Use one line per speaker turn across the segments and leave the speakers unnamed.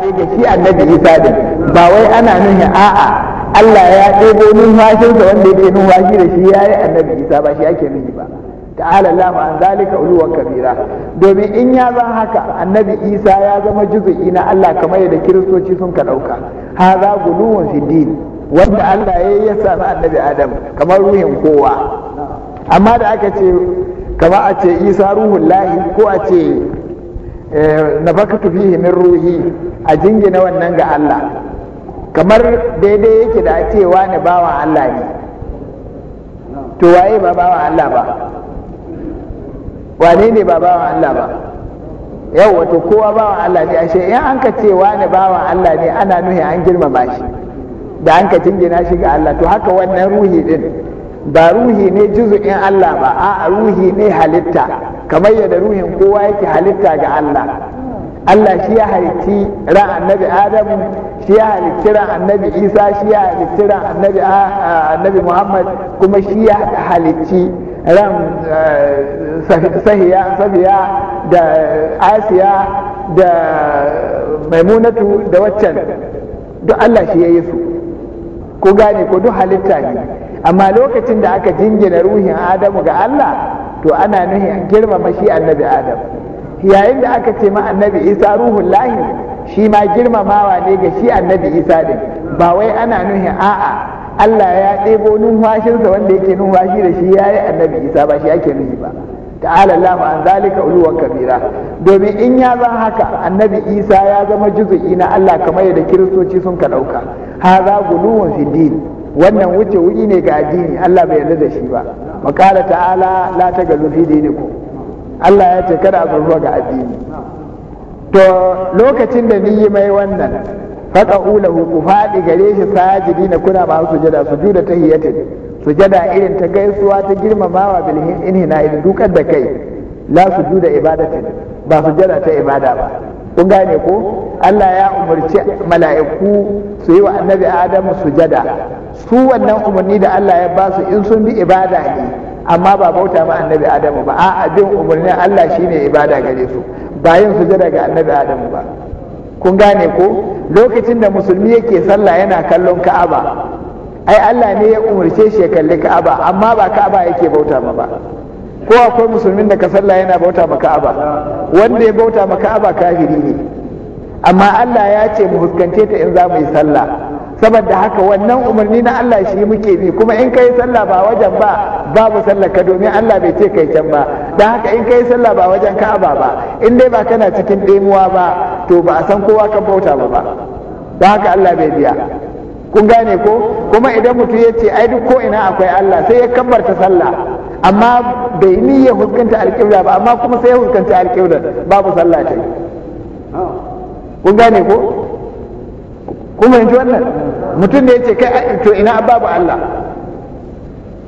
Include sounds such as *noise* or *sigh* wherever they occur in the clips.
ne ga shi annabi isa din ba wai ana nuna a'a Allah ya ɗebo numfashinsa wanda yake numfashi da shi ya yi annabi isa ba shi ake nufi ba ta'ala Allah an zalika uluwan kabira domin in ya zan haka annabi isa ya zama juzu'i na Allah kamar yadda kiristoci sun ka ɗauka Ha haza guluwan fiddin wanda Allah ya yi ya sami annabi adam kamar ruhin kowa amma da aka ce kamar a ce isa ruhun lahi ko a ce baka tufi himin ruhi a jingina wannan ga Allah kamar daidai yake da cewa ne bawan Allah ne to waye ba bawan Allah ba wane ne ba bawan Allah ba yau wato kowa bawan Allah ne ashe in an ka cewa ne bawan Allah ne ana nuhi an girmama shi da an ka jingina shi ga Allah to haka wannan ruhi din ba ruhi ne juzu'in Allah ba a ruhi ne halitta kamar yadda ruhin kowa yake halitta ga Allah Allah shi ya halitti ran annabi Adam shi ya halitti ran annabi Isa shi ya halitti ran annabi annabi Muhammad kuma shi ya halitti ran eh, sahiya sabiya da Asiya da Maimunatu da waccan duk Allah shi ya yi su ko gane ko duk halitta ne amma lokacin da aka jingina ruhin adamu ga Allah to ana an girmama shi annabi adam yayin da aka ce ma annabi isa ruhun lahi shi ma girmamawa ne ga shi annabi isa din ba wai ana nuhin a'a Allah ya ɗebo numfashinsa wanda yake numfashi da shi ya yi annabi isa ba shi ake nuhi ba ta'ala Allah an zalika uluwan kabira domin in ya zan haka annabi isa ya zama juzu'i na Allah kamar yadda kiristoci sun ka ɗauka haza guluwan fi wannan wuce wuri ne ga addini Allah bai yarda da shi ba makala ta'ala la ta tagalu fi ku. Allah ya ce kada a zuwa ga addini to lokacin da ni yi mai wannan faka ulahu ku fadi gare shi sajidi na kuna ba su jada su juda ta su jada irin ta gaisuwa ta girmamawa bil inhina irin dukar da kai la su juda ibadatin ba su jada ta ibada ba kun gane ko Allah ya umarci mala'iku su yi wa annabi adamu sujada su wannan umarni da Allah ya ba su in sun bi ibada ne amma ba bauta ma annabi adamu ba a'a bin umarnin Allah shine ibada gare su ba yin sujada ga annabi adamu ba kun gane ko lokacin da musulmi yake sallah yana kallon ka'aba ai Allah ne ya umarce shi ya kalli ka'aba amma ba ka'aba yake bauta ma ba ko akwai musulmin da ka sallah yana bauta ma ka'aba wanda ya bauta ma ka'aba kafiri ne amma Allah ya ce mu fuskance ta in za mu yi sallah saboda haka wannan umarni na Allah shi muke bi kuma in kai sallah ba wajen ba babu sallah ka domin Allah bai ce kai can ba dan haka in kai sallah ba wajen Ka'aba ba in dai ba kana cikin ɗemuwa ba to ba a san kowa kan bauta ba ba dan haka Allah bai biya kun gane ko kuma idan mutum ya ce ai duk ko ina akwai Allah sai ya kabbarta sallah amma bai niyya huskanta alƙibla ba amma kuma sai ya huskanta alƙibla babu sallah ta kun gane ko kuma yanzu wannan mutum da ya ce kai to ina babu Allah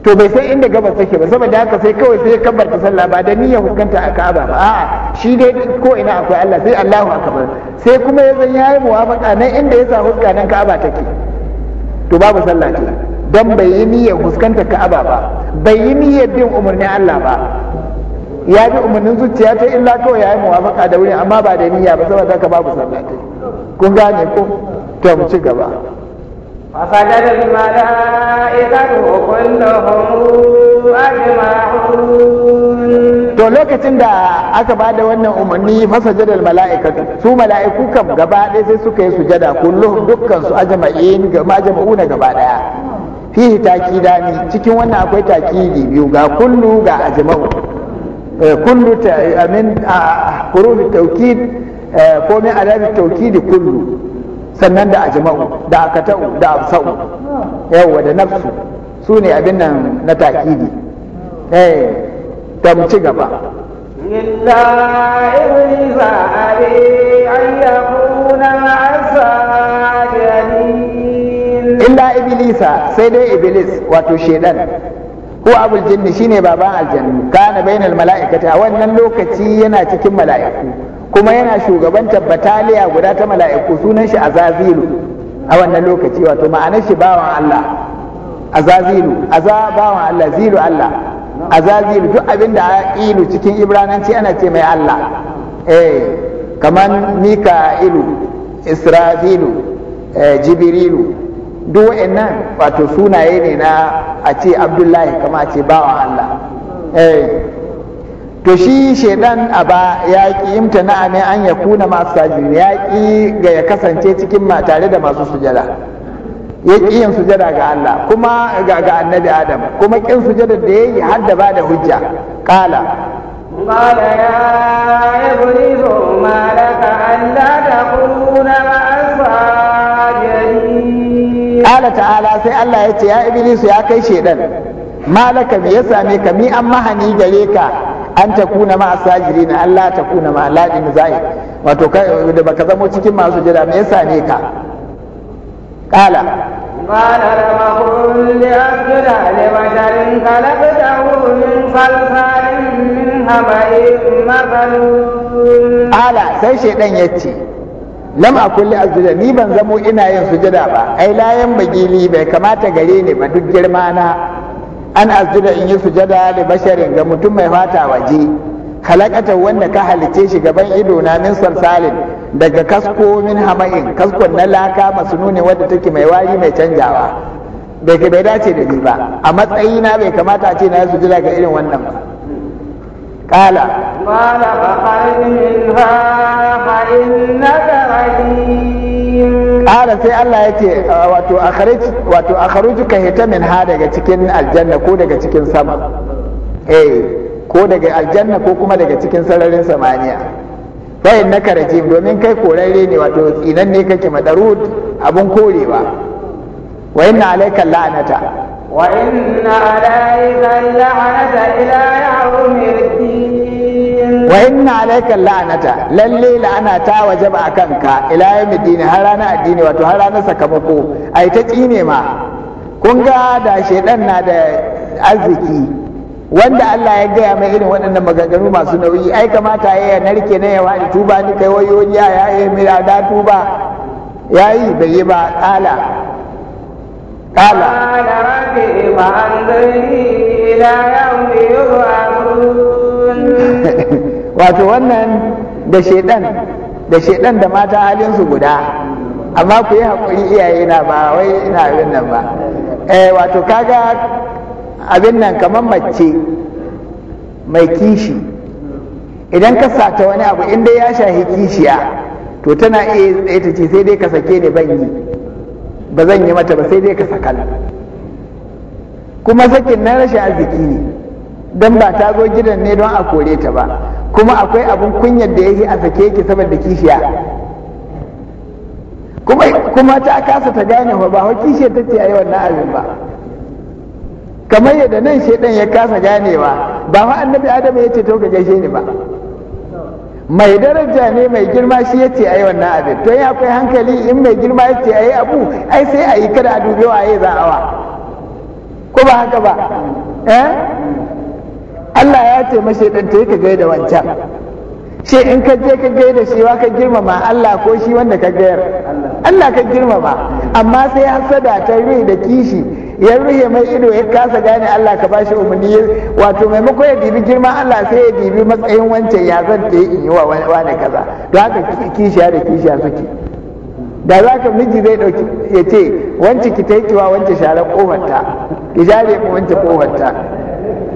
to bai sai inda gabas take ba saboda haka sai kawai sai ta sallah ba da niyyar hukunta a Ka'aba ba a'a shi dai ko ina akwai Allah sai Allahu akbar sai kuma ya zan yayi muwafaqa nan inda ya sa huska nan Ka'aba take to babu sallah ce dan bai yi niyyar huskanta Ka'aba ba bai yi niyyar bin umarnin Allah ba ya bi umarnin zuciya ta illa kawai ya yi muwafaka da wuri amma ba da niyya ba saboda haka babu ta kun gane ko to mu ci gaba
فسجد الملائكة أجمعون
to lokacin da aka ba da wannan umarni fasajadar mala'ikatu su mala'iku kam gaba ɗaya sai suka yi sujada kullum dukkan su ajma'in ga majma'una gaba ɗaya fihi takidani cikin wannan akwai takidi biyu ga kullu ga ajma'u Eh, kullu ta min huruf tawkid eh, ko min alamat kullu sannan da ajma'u da akata'u da absa'u yawa da su ne abin nan na takidi eh ta mu ci gaba
illa ibriza abi ayyakuna asadin
illa iblisa sai dai Ibilis, wato shedan ko abul jinni shine baban aljanni kana bainal mala'ikati a wannan lokaci yana cikin mala'iku kuma yana shugabantar bataliya guda ta mala'iku sunan shi azazilu a wannan lokaci wato ma'anar shi bawan Allah azazilu azabawan Allah zilu Allah azazilu duk abin da aqilu cikin ibrananci ana ce mai Allah eh kaman mika'ilu israfilu eh, jibrilu duk wa'annan wato sunaye ne na a ce abdullahi kama a ce bawa Allah eh. to shi shaidan a ba ya ƙi imta na ne an ya kuna masu sajin ya ƙi ga ya kasance cikin ma tare da masu sujada ya ƙi yin sujada ga Allah kuma ga ga annabi Adam kuma ƙin sujada da yayi har da ba da hujja kala
قال يا إبليس ما لك تكون مع
qala ta'ala sai Allah ya ce ya iblis ya kai shedan malaka me ya same ka mi an mahani gare ka an ta kuna ma asajiri na Allah ta kuna ma ladin zai wato kai da baka zamo cikin masu jira me ya same ka qala
قال لم أكن لأسجد لبشر خلقته من صلصال من حمإ مسنون قال
سيشي دن يتي lam a kulli azza ni ban zamo ina yin sujada ba ai layan bagili bai kamata gare ni ba duk girma na an azzuda in yi sujada da basharin ga mutum mai fata waje halakata wanda ka halice shi gaban ido na min salsalin daga kasko min hamain kaskon na laka masu nuni wadda take mai wari mai canjawa bai bai dace da ni ba a matsayina bai kamata a ce na yi sujada ga irin wannan ba قال
قال فخرج منها فإنك
رجيم قال سي الله يتي واتو wato واتو wato akhruj من hita min ha daga cikin aljanna ko daga cikin sama eh ko daga aljanna ko kuma daga cikin sararin samaniya fa innaka karaji domin kai korare ne wato tsinan ne kake madarud abun korewa wa inna alayka la'anata
wa inna alayka la'anata ila wa
inna alayka la'anata lalle la'ana ta wajaba akan ka ila yawmiddin har rana addini wato har ranar sakamako ai ta tsine ma kun ga da shedan na da arziki wanda Allah ya gaya mai irin waɗannan maganganu masu nauyi ai kamata ya narke na yawa ni tuba ni kai wayo ya ya yi mira da tuba yayi bai yi ba kala
kala rabbi ma'an فأنظرني ila يوم يبعثون
*laughs* wato wannan da shedan da shedan da mata halin su guda amma ku yi haƙuri iyaye na ba wai ina abin nan ba eh, wato kaga abin nan kamar mace mai kishi idan ka sata wani abu inda ya shahi kishiya to tana iya tsaye ta ce sai dai ka sake ni ban yi ba zan yi mata ba sai dai ka saka kuma sakin na rashin arziki ne don ba ta zo gidan ne don a kore ta ba kuma akwai abin kunyar da yake a sake ki saboda kishiya kuma ta kasa ta gane wa ba kishiyar ta ce a yi wannan abin ba kamar yadda nan shaidan ya kasa ganewa ba wa annabi adam ya ce to ka gaishe ni ba mai daraja ne mai girma shi ya ce a yi wannan abin to ya akwai hankali in mai girma ya ce a yi abu ai sai a yi kada a dubewa wa a yi za'awa ko ba haka ba eh Allah ya ce mashi dan ta ka gaida wancan shi in ka je ka gaida shi wa ka girmama Allah ko shi wanda ka gayar Allah ka girmama amma sai hasada ta yi da kishi ya ruhe mai ido ya kasa gane Allah ka bashi umarni wato maimako ya dibi girman Allah sai ya dibi matsayin wancan ya zan ta yi wa wani kaza To haka kishiya da kishiya suke da za ka miji zai ɗauki ya ce wancan ki ta yi taikiwa wancan sharar ƙofarta ki share ƙofarta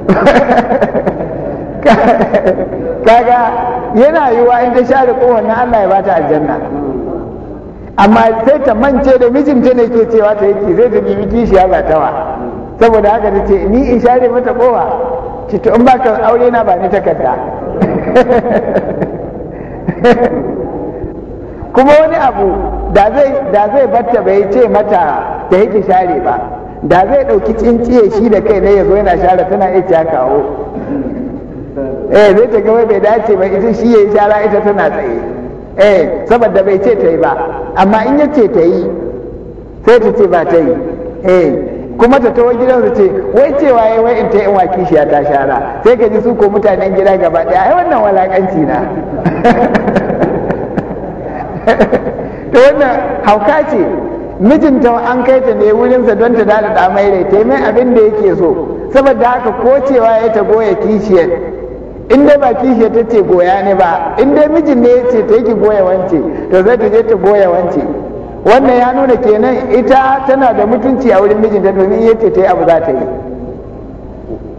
*laughs* kaga yana yiwa in ta share kowanne Allah ya ba bata aljanna amma sai ta mance da mijinta ne ke cewa ta yake zai ta bibi kishiya ya saboda haka ta ce ni in share mata kowa ki to in baka aure na ba ni takarda *laughs* kuma wani abu da zai da zai batta bai ce mata da yake share ba da zai ɗauki tsinciye shi da kai ne ya zo yana share tana iya ta kawo eh zai ta gaba bai dace ba ita shi ya yi shara ita tana tsaye eh saboda bai ce ta yi ba amma in ya ce ta yi sai ta ce ba ta yi eh kuma ta tawo gidan su ce wai cewa ya wai in ta in waki shi ya ta shara sai ka ji su ko mutanen gida gaba daya ai wannan walakanci na *laughs* to wannan hauka ce mijinta an kai ta ne wurinsa don ta dada da mai rai taimai abin da yake so saboda haka ko cewa ya ta goya kishiyar in ba kishiyar ta ce goya ne ba in dai mijin ne ya ce ta yake goya wance to zai ta je ta goya wance wannan ya nuna kenan ita tana da mutunci a wurin mijinta domin ya ce ta yi abu za ta yi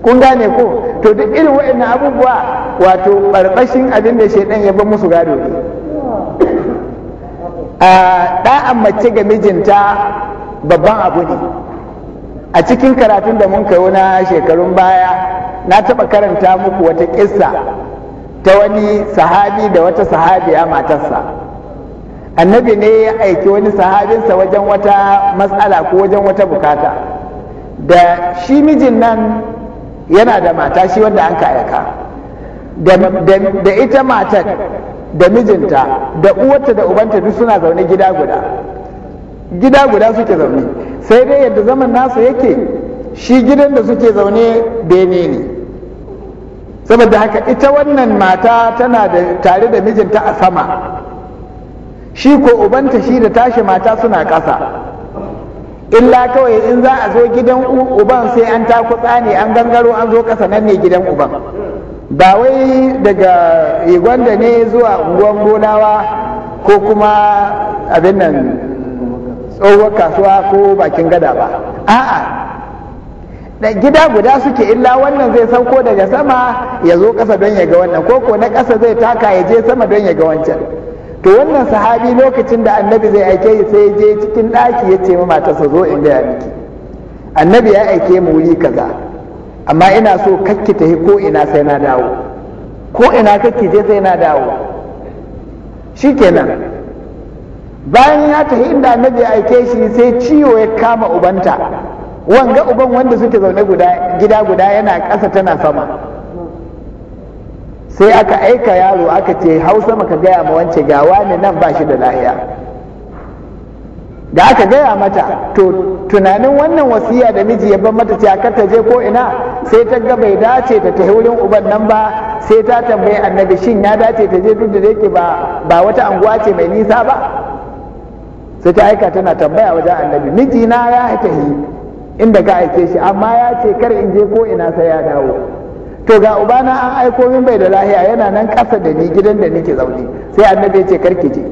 kun gane ko to duk irin waɗannan abubuwa wato barbashin abin da shaidan ya bar musu gado ne A ɗa'an mace ga mijinta babban abu ne a cikin karatun da mun kawo na shekarun baya na taɓa karanta muku wata ƙissa ta wani sahabi da wata sahabiya matarsa annabi ne ya aiki wani sahabinsa wajen wata matsala ko wajen wata bukata da shi mijin nan yana da mata shi wanda an ka aika da ita matar da mijinta da uwarta da ubanta duk suna zaune gida guda gida guda suke zaune sai dai yadda zaman nasu yake shi gidan da suke zaune bene ne saboda haka ita wannan mata tana da tare da mijinta a sama shi ko ubanta shi da tashi mata suna ƙasa illa kawai in za a zo gidan uban sai an takutsa ne an gangaro an zo ƙasa nan ne gidan uban ba wai daga gwanda ne zuwa unguwan gonawa ko kuma abin nan tsohuwar kasuwa ko bakin gada ba a'a da gida guda suke illa wannan zai sauko daga sama ya zo ƙasa don ya ga wannan ko ko na ƙasa zai taka ya je sama don ya ga wancan to wannan sahabi lokacin da annabi zai aike ya sai je cikin ɗaki ya ce matarsa zo in gaya miki annabi ya aike mu wuri kaza amma ina so kakki tahi ko ina sai na dawo ko ina kakki je sai na dawo shi kenan. bayan ya tafi inda annabi aike shi sai ciwo ya kama ubanta wanga uban wanda suke zaune gida guda yana ƙasa tana sama sai aka aika yaro aka ce hausa maka gaya ma wance ga wani nan ba shi da lahiya da aka gaya mata to tunanin wannan wasiya da miji ya bar mata cewa kar ta je ko ina sai ta ga bai dace ta tafi wurin uban nan ba sai ta tambayi annabi shin ya dace ta je duk da yake ba ba wata anguwa ce mai nisa ba sai ta aika tana tambaya wajen annabi miji na ya tafi inda ka aike shi amma ya ce kar in je ko ina sai ya dawo to ga ubana an aiko min bai da lahiya yana nan kasa da ni gidan da nake zaune sai annabi ya ce kar ki je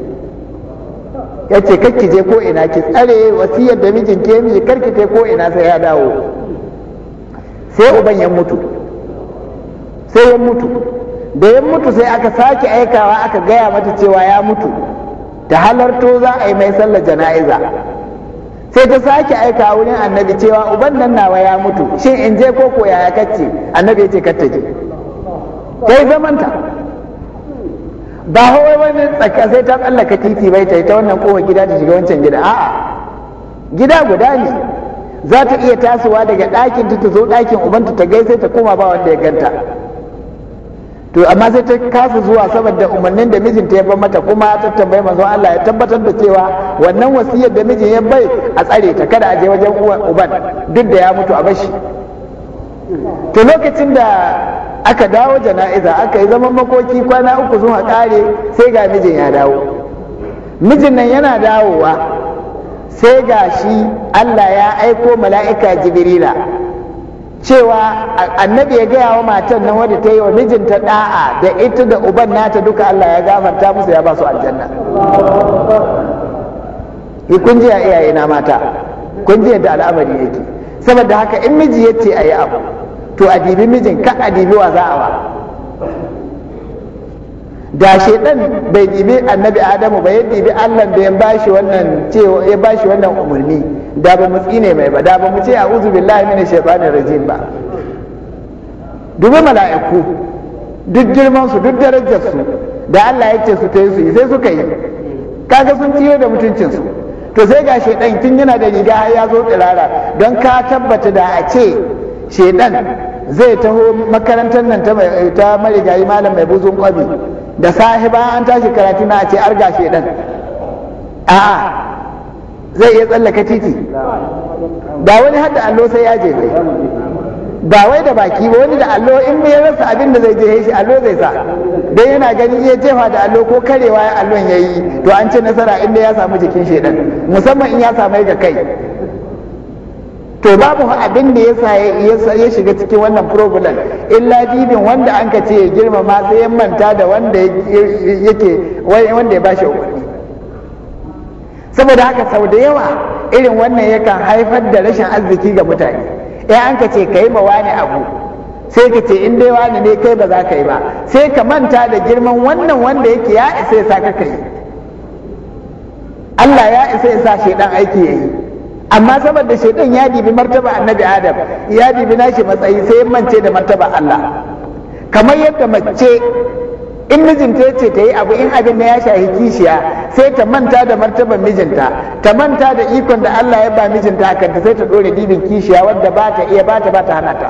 yace kakki je ko ina ki tsare wasiyar da mijin ke miji karki je ko ina sai ya dawo sai uban ya mutu sai ya mutu da ya mutu sai aka sake aikawa aka gaya mata cewa ya mutu ta halarto za a yi mai sallar jana'iza sai ta sake aika wurin annabi cewa uban nan nawa ya mutu shin in je ko ko yaya kacce annabi ya ce kattaje kai zamanta ba hawa wani tsaka sai ta tsallaka titi bai ta ta wannan kowa gida ta shiga wancan gida a'a gida guda ne za ta iya tasowa daga ɗakin ta ta zo ɗakin ubanta ta gaisa ta koma ba wanda ya ganta to amma sai ta kasa zuwa saboda umarnin da mijinta ya bar mata kuma ta tambayi manzon Allah ya tabbatar da cewa wannan wasiyar da mijin ya bai a tsare ta kada a je wajen uban duk da ya mutu a bashi to lokacin da aka dawo jana'iza aka yi zaman makoki kwana uku zuwa kare sai ga mijin ya dawo mijin nan yana dawowa sai ga shi Allah ya aiko mala'ika jibrila cewa annabi ya gaya wa matan nan wadda ta yi wa mijinta da'a da ita da uban nata duka Allah ya gafarta musu ya ba su aljanna kun ji a iyaye na mata kun ji yadda al'amari yake saboda haka in miji ya ce a yi abu to a dibi mijin ka a dibi wa za a wa da shedan bai dibi annabi adamu ba ya dibi allah da ya bashi wannan cewa ya bashi wannan umarni da ba mu tsine mai ba da ba mu ce a'udhu billahi minash shaitanir rajim ba dubi mala'iku duk girman su duk darajar su da Allah ya ce su ta yi su sai suka yi kaga sun tiyo da mutuncin su to sai ga shedan tun yana da riga ya zo tsirara don ka tabbata da a ce shedan zai taho makarantar nan ta marigayi malam mai buzun kwabi da sahiba an tashi karatu na ce arga shedan a'a zai iya tsallaka titi ba wani hadda allo sai ya je ba wai da baki ba wani da allo in bai rasa abin da zai je shi allo zai sa dan yana gani iya jefa da allo ko karewa ya allon yayi to an ce nasara inda ya samu jikin shedan musamman in ya samu ga kai to babu abin da ya ya shiga cikin wannan problem illa dibin wanda an ka ce ya girmama sai ya manta da wanda yake wanda ya bashi umarni saboda haka sau da yawa irin wannan yakan haifar da rashin arziki ga mutane ya eh, an ka ce ka yi wani abu sai ka ce in dai wani ne kai ba za ka yi ba sai ka manta da girman wannan wanda yake ya isa ya sa ka kai Allah ya isa ya sa shaidan aiki ya yi amma saboda shaitan ya dibi martaba annabi adam ya dibi nashi matsayi sai mance da martaba Allah kamar yadda mace in mijinta ya ce ta yi abu in abin da ya shahi kishiya sai ta manta da martaban mijinta ta manta da ikon da Allah ya ba mijinta a kanta sai ta dore dibin kishiya wadda ba ta iya ba ta ba ta hana ta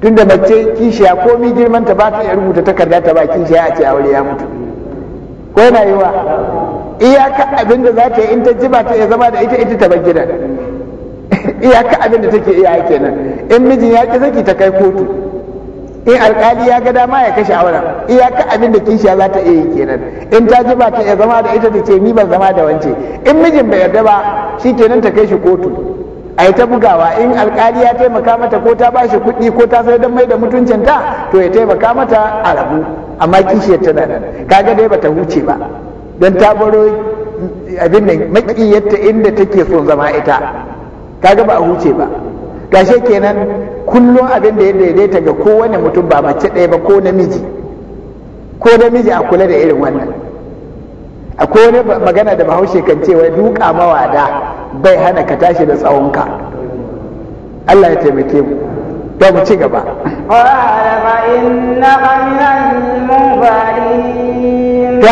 tunda mace kishiya komi girman ta ba ta iya rubuta takarda ta ba kishiya a ce aure ya mutu ko na yi wa iyaka abin da za ta yi in ta ji ba ta iya zama da ita ita ta bar gidan *laughs* iyaka abin da take iya kenan in mijin ya ki zaki ta kai kotu in alkali ya ga dama ya kashe auren iyaka abin da kishiya za ta iya yi kenan in ta ji ba ta iya zama da ita ta ce ni ban zama da wance in mijin bai yarda ba shi kenan ta kai shi kotu a yi ta bugawa in alkali ya taimaka mata ko ta bashi kuɗi ko ta sai don mai da mutuncinta to ya taimaka mata a rabu amma kishiyar tana nan kaga dai bata huce ba don ta baro abin nan makiyarta inda take so zama ita kaga ba a huce ba gashe kenan kullum abin da ya daidaita ga kowane mutum ba mace ɗaya ba ko namiji ko namiji a kula da irin wannan akwai wani magana da bahaushe kan cewa duka mawada bai hana ka tashi da tsawonka Allah ya taimake mu to mu ci gaba to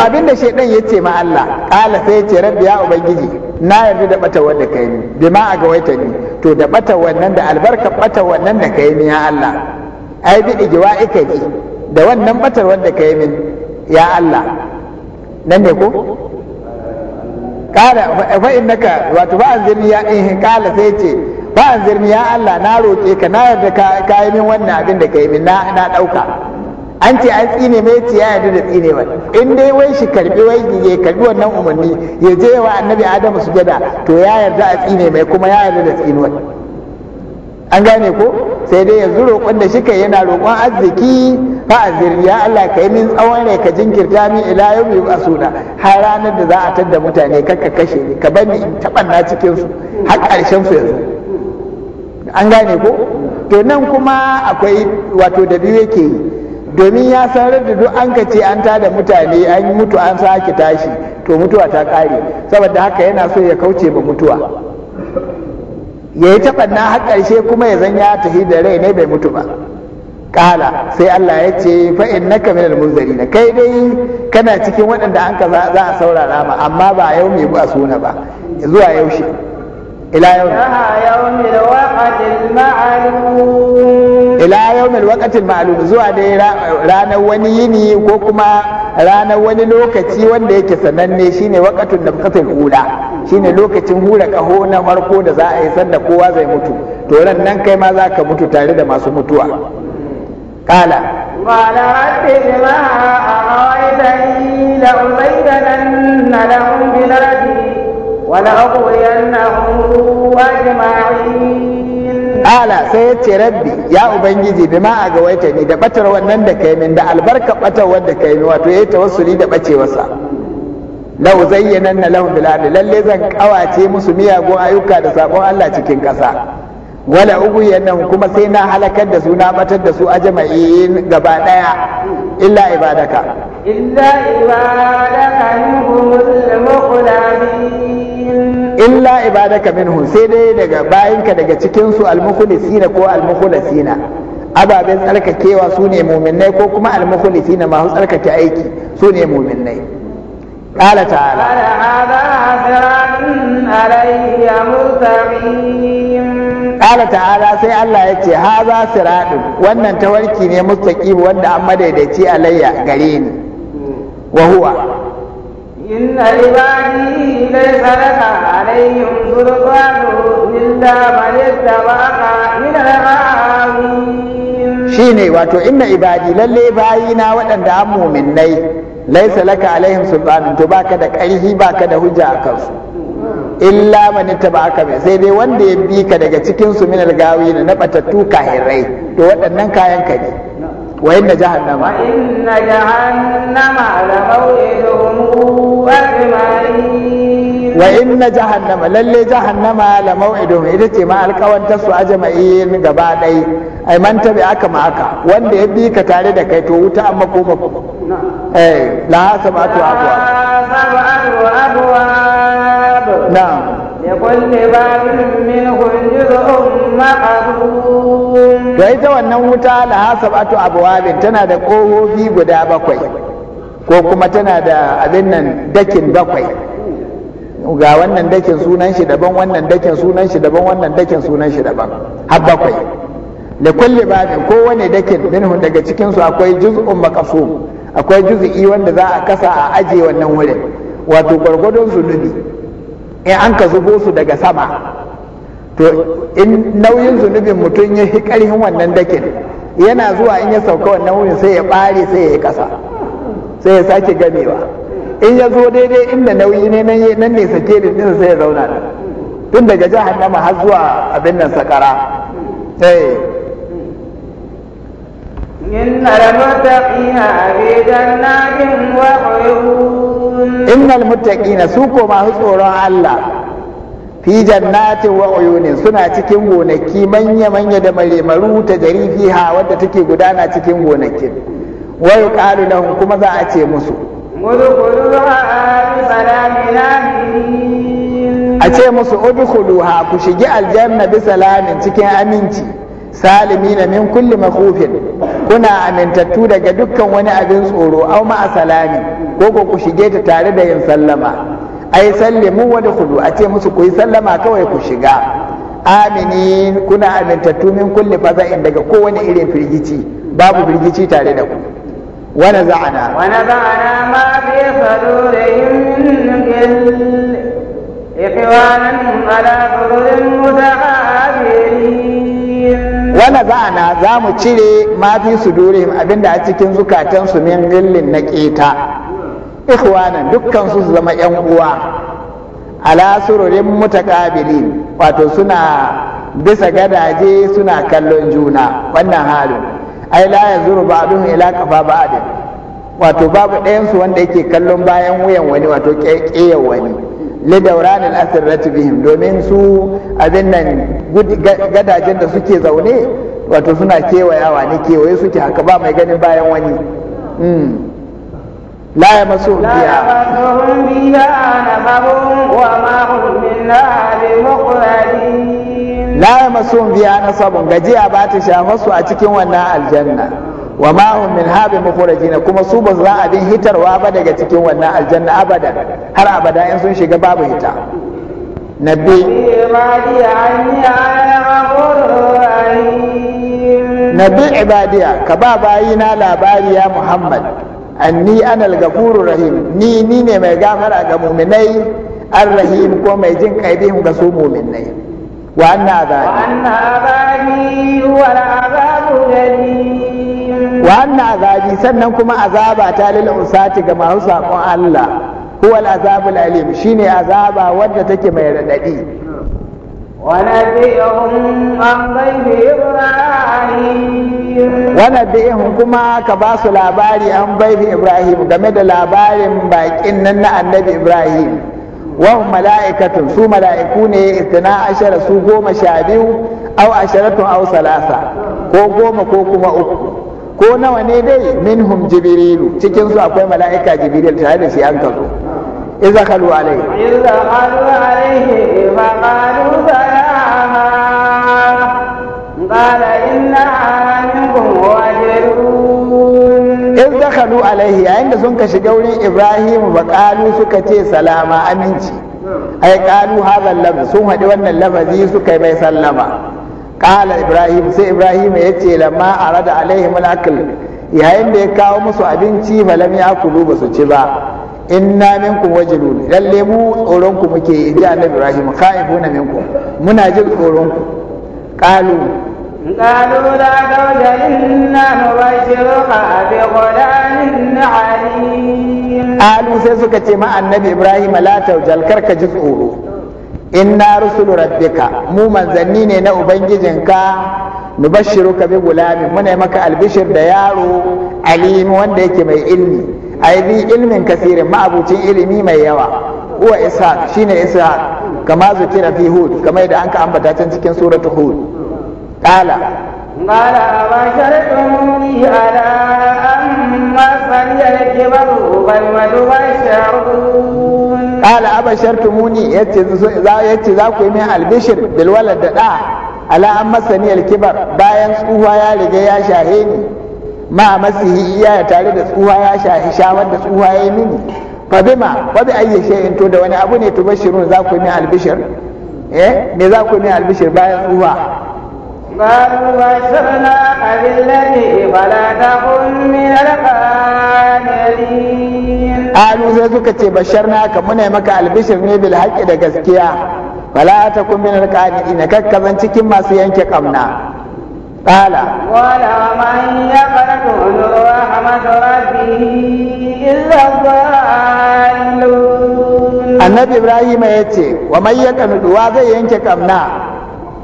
abinda shedan ya ce ma Allah kala sai ya ce rabbi ya ubangiji na yarda da bata wanda kai ni bima a gawaita ni to da bata wannan da albarka bata wannan da kai ni ya Allah ai bi igiwa ikadi da wannan batar wanda kai min ya Allah nan ne ko kada fa innaka wato ba anzirni ya in eh, kala sai ce ba anzirni ya Allah na roke ka na yarda ka kai min wannan abin da kai min na na dauka an ce an tsine mai ce ya yarda da tsine wa in dai wai shi karbi wai ya karbi wannan umarni ya je wa annabi adamu sujada to ya yarda a tsine mai kuma ya yarda da wa an gane ko sai dai yanzu roƙon da shi yana roƙon arziki fa azir ya Allah ka yi min tsawon rai ka jinkirta min ila yau yi suna. har ranar da za a tadda mutane kakka kashe ni ka bani in na cikin su har ƙarshen su yanzu an gane ko to nan kuma akwai wato da biyu yake yi domin ya san da duk an ka ce an tada mutane an mutu an sake tashi to mutuwa ta ƙare saboda haka yana so ya kauce ba mutuwa ya yi taɓanna har ƙarshe kuma ya zan ya tafi da rai ne bai mutu ba ƙala sai Allah ya ce fa'in fa innaka munzari na kai dai kana cikin waɗanda an ka za a saurara ma amma ba yau mai ba suna ba zuwa yaushe ila yawmil waqtil ma'lum ila zuwa dai ranar wani yini ko kuma ranar wani lokaci wanda yake sananne shine waqatun hula ula shine lokacin hura kaho na farko da za a yi sanda kowa zai mutu to ran nan kai ma za ka mutu tare da masu mutuwa kala
قال رب بما أغويتني لأزينن لهم في الأرض Ala ولأغوينهم أجمعين
أعلى سيد ربي يا a gawaita ni da batar wannan da kai min da albarka batar wanda kai min wato yayi tawassuli da bace wasa law zayyananna lahum bil ardi lalle zan kawace musu miyagun ayyuka da sabon Allah cikin kasa wala yanan kuma sai na halakar da su na batar da su jama'in gaba daya illa ibadaka
illa ibadaka minhum al
illa ibadaka Minhu, sai dai daga ka daga cikin su almukhlisina ko almukhlasina ababen tsarkakewa su ne muminai ko kuma almukhlisina masu tsarkake aiki su ne muminai qala ta'ala qala ta'ala sai Allah ya ce haza siratun wannan tawarki ne mustaqim wanda an madaidaici alayya gare ni wa huwa
Shin na ibadi laifaka alayyankun
wato in na ibadi lalle bayina waɗanda amumin nai laifaka alayhinsu tsananin, to baka da ƙarfi baka da hujjansu. In lamineta ba kame, sai dai wanda ya ka daga cikinsu mana gawi na naɓata tuƙa hirai, to waɗannan kayan ka وإن جهنم وإن
جهنم لموعدهم أجمعين وإن
جهنم للي جهنم لموعدهم إذا تما الكون تسو أجمعين قبادي أي من تبعك معك وأن يبيك تاري دكي توتا أما كومك أي لا سبعة أبواب لا سبعة
أبواب نعم لكل باب منهم جزء معلوم
to ita wannan wuta la sab'atu abwabin tana da kohofi guda bakwai ko kuma tana da abin nan dakin bakwai ga wannan dakin sunan shi daban wannan dakin sunan shi daban wannan dakin sunan shi daban har bakwai da kulli babin wani dakin minhun daga cikin su akwai juz'un maqsum akwai juz'i wanda za a kasa a aje wannan wurin wato gwargwadon zunubi in an ka zubo su daga sama to in nauyin zunubin mutum ya fi ƙarfin wannan dakin yana zuwa in ya sauka wannan wurin sai ya ɓare sai ya yi ƙasa sai ya sake gamewa in ya zo daidai inda nauyi ne nan ne sake da sai ya zauna da, tun daga jihar nama har zuwa abin nan sakara إن المتقين
في وعيون
innal muttaqina su ko su tsoron Allah fi jannatin wa uyunin suna cikin gonaki manya manya da maremaru ta jari fiha wadda take gudana cikin gonakin wa yuqalu lahum kuma za a ce musu a ce musu udkhuluha ku shigi aljanna bi salamin cikin aminci salimina min kulli makufin, kuna amintattu daga dukkan wani abin tsoro aw ma salami ko ko ku shige ta tare da yin sallama ai sallimu wa dukhulu a ce musu ku yi sallama kawai ku shiga amini kuna amintattu min kulli faza'in daga kowane irin firgici babu firgici tare da ku ونزعنا ونزعنا ما في صدورهم من
غل إخوانا على سرر متقابل
wala za'ana za mu cire ma fi dure abinda a cikin zukatansu min gillin na ƙeta ikhwanan dukkan su zama yan uwa ala sururin mutakabili wato suna bisa gadaje suna kallon juna wannan halin ai la yazuru ba'dun ila kafa ba'din wato babu ɗayan su wanda yake kallon bayan wuyan wani wato ƙeƙeyar wani lidauran al'asirrati bihim domin su abin nan gadajen da suke zaune wato suna kewayawa ne kewaye suke haka ba mai ganin bayan wani hmm. la ya masu biya la ya masu biya na sabon gajiya ba ta shafa su a cikin wannan aljanna wa ma hum min habi kuma su ba za bin hitarwa ba daga cikin wannan aljanna abada har abada in sun shiga babu hita Na nabi ibadiya ka ba bayina labari ya muhammad anni anal gafuru rahim ni ni ne mai gafara ga mu'minai ar-rahim ko mai jin kaidin ga su mu'minai wa anna wa anna wa wannan azabi sannan kuma azaba ta lil usati ga masu sakon Allah huwa al azabul alim shine azaba wadda take mai radadi wani biin kuma ka ba su labari an baifi ibrahim game da labarin baƙin nan na annabi ibrahim wahun mala'ikatun su mala'iku ne istina ashara su goma sha biyu au asharatun au salasa ko goma ko kuma uku ko nawa ne dai minhum jibrilu cikin su akwai malaika jibril tare da shi an kazo idza khalu alayhi
idza khalu alayhi fa qalu salama qala inna minkum
wajirun idza khalu alayhi ayin da sun ka shiga wurin ibrahim ba qalu suka ce salama aminci ai qalu hadha lafz sun hadi wannan lafazi suka yi mai sallama qala ibrahim sai ibrahim ya ce lamma arada alaihim al-akl yayin da ya kawo musu abinci falam kulu ba su ci ba inna minku wajilun lalle mu tsoronku muke yi ji annabi ibrahim khaifuna minku muna jin tsoronku ku qalu قالوا لا حول إنا مبشرك بغلام عليم قالوا سيسكت مع النبي إبراهيم لا توجل كرك جزء inna rusulu rabbika mu manzanni ne na ubangijinka ka bi gulami muna maka albishir da yaro alim wanda yake mai ilmi ai bi ilmin kasirin ma'abucin ilimi mai yawa uwa isa shine isa kama zukira fi hud kamar da anka ambata can cikin suratul hud qala
قال أبشرتموني على أن مسني الكبر بل sharu
qala abashartumuni yace za yace za ku yi min albishir bil da da ala an masani alkibar bayan tsufa ya riga ya shahe ni ma masihi iya tare da tsufa ya shahe shawar da tsufa ya yi mini fa bima wa bi ayyi shay'in to da wani abu ne tubashirun za ku yi min albishir me za ku yi min albishir bayan tsufa قالوا
بشرنا بالذي فلا تكن من القانلين
qalu sai suka ce basharna ka muna maka albishir ne bil haqqi da gaskiya fala takun min ka kakkazan cikin masu yanke kamna قال
ولمن يقتل رحمة ربه إلا الضالون
النبي إبراهيم يأتي ومن yanke وهذا ينكك أمنا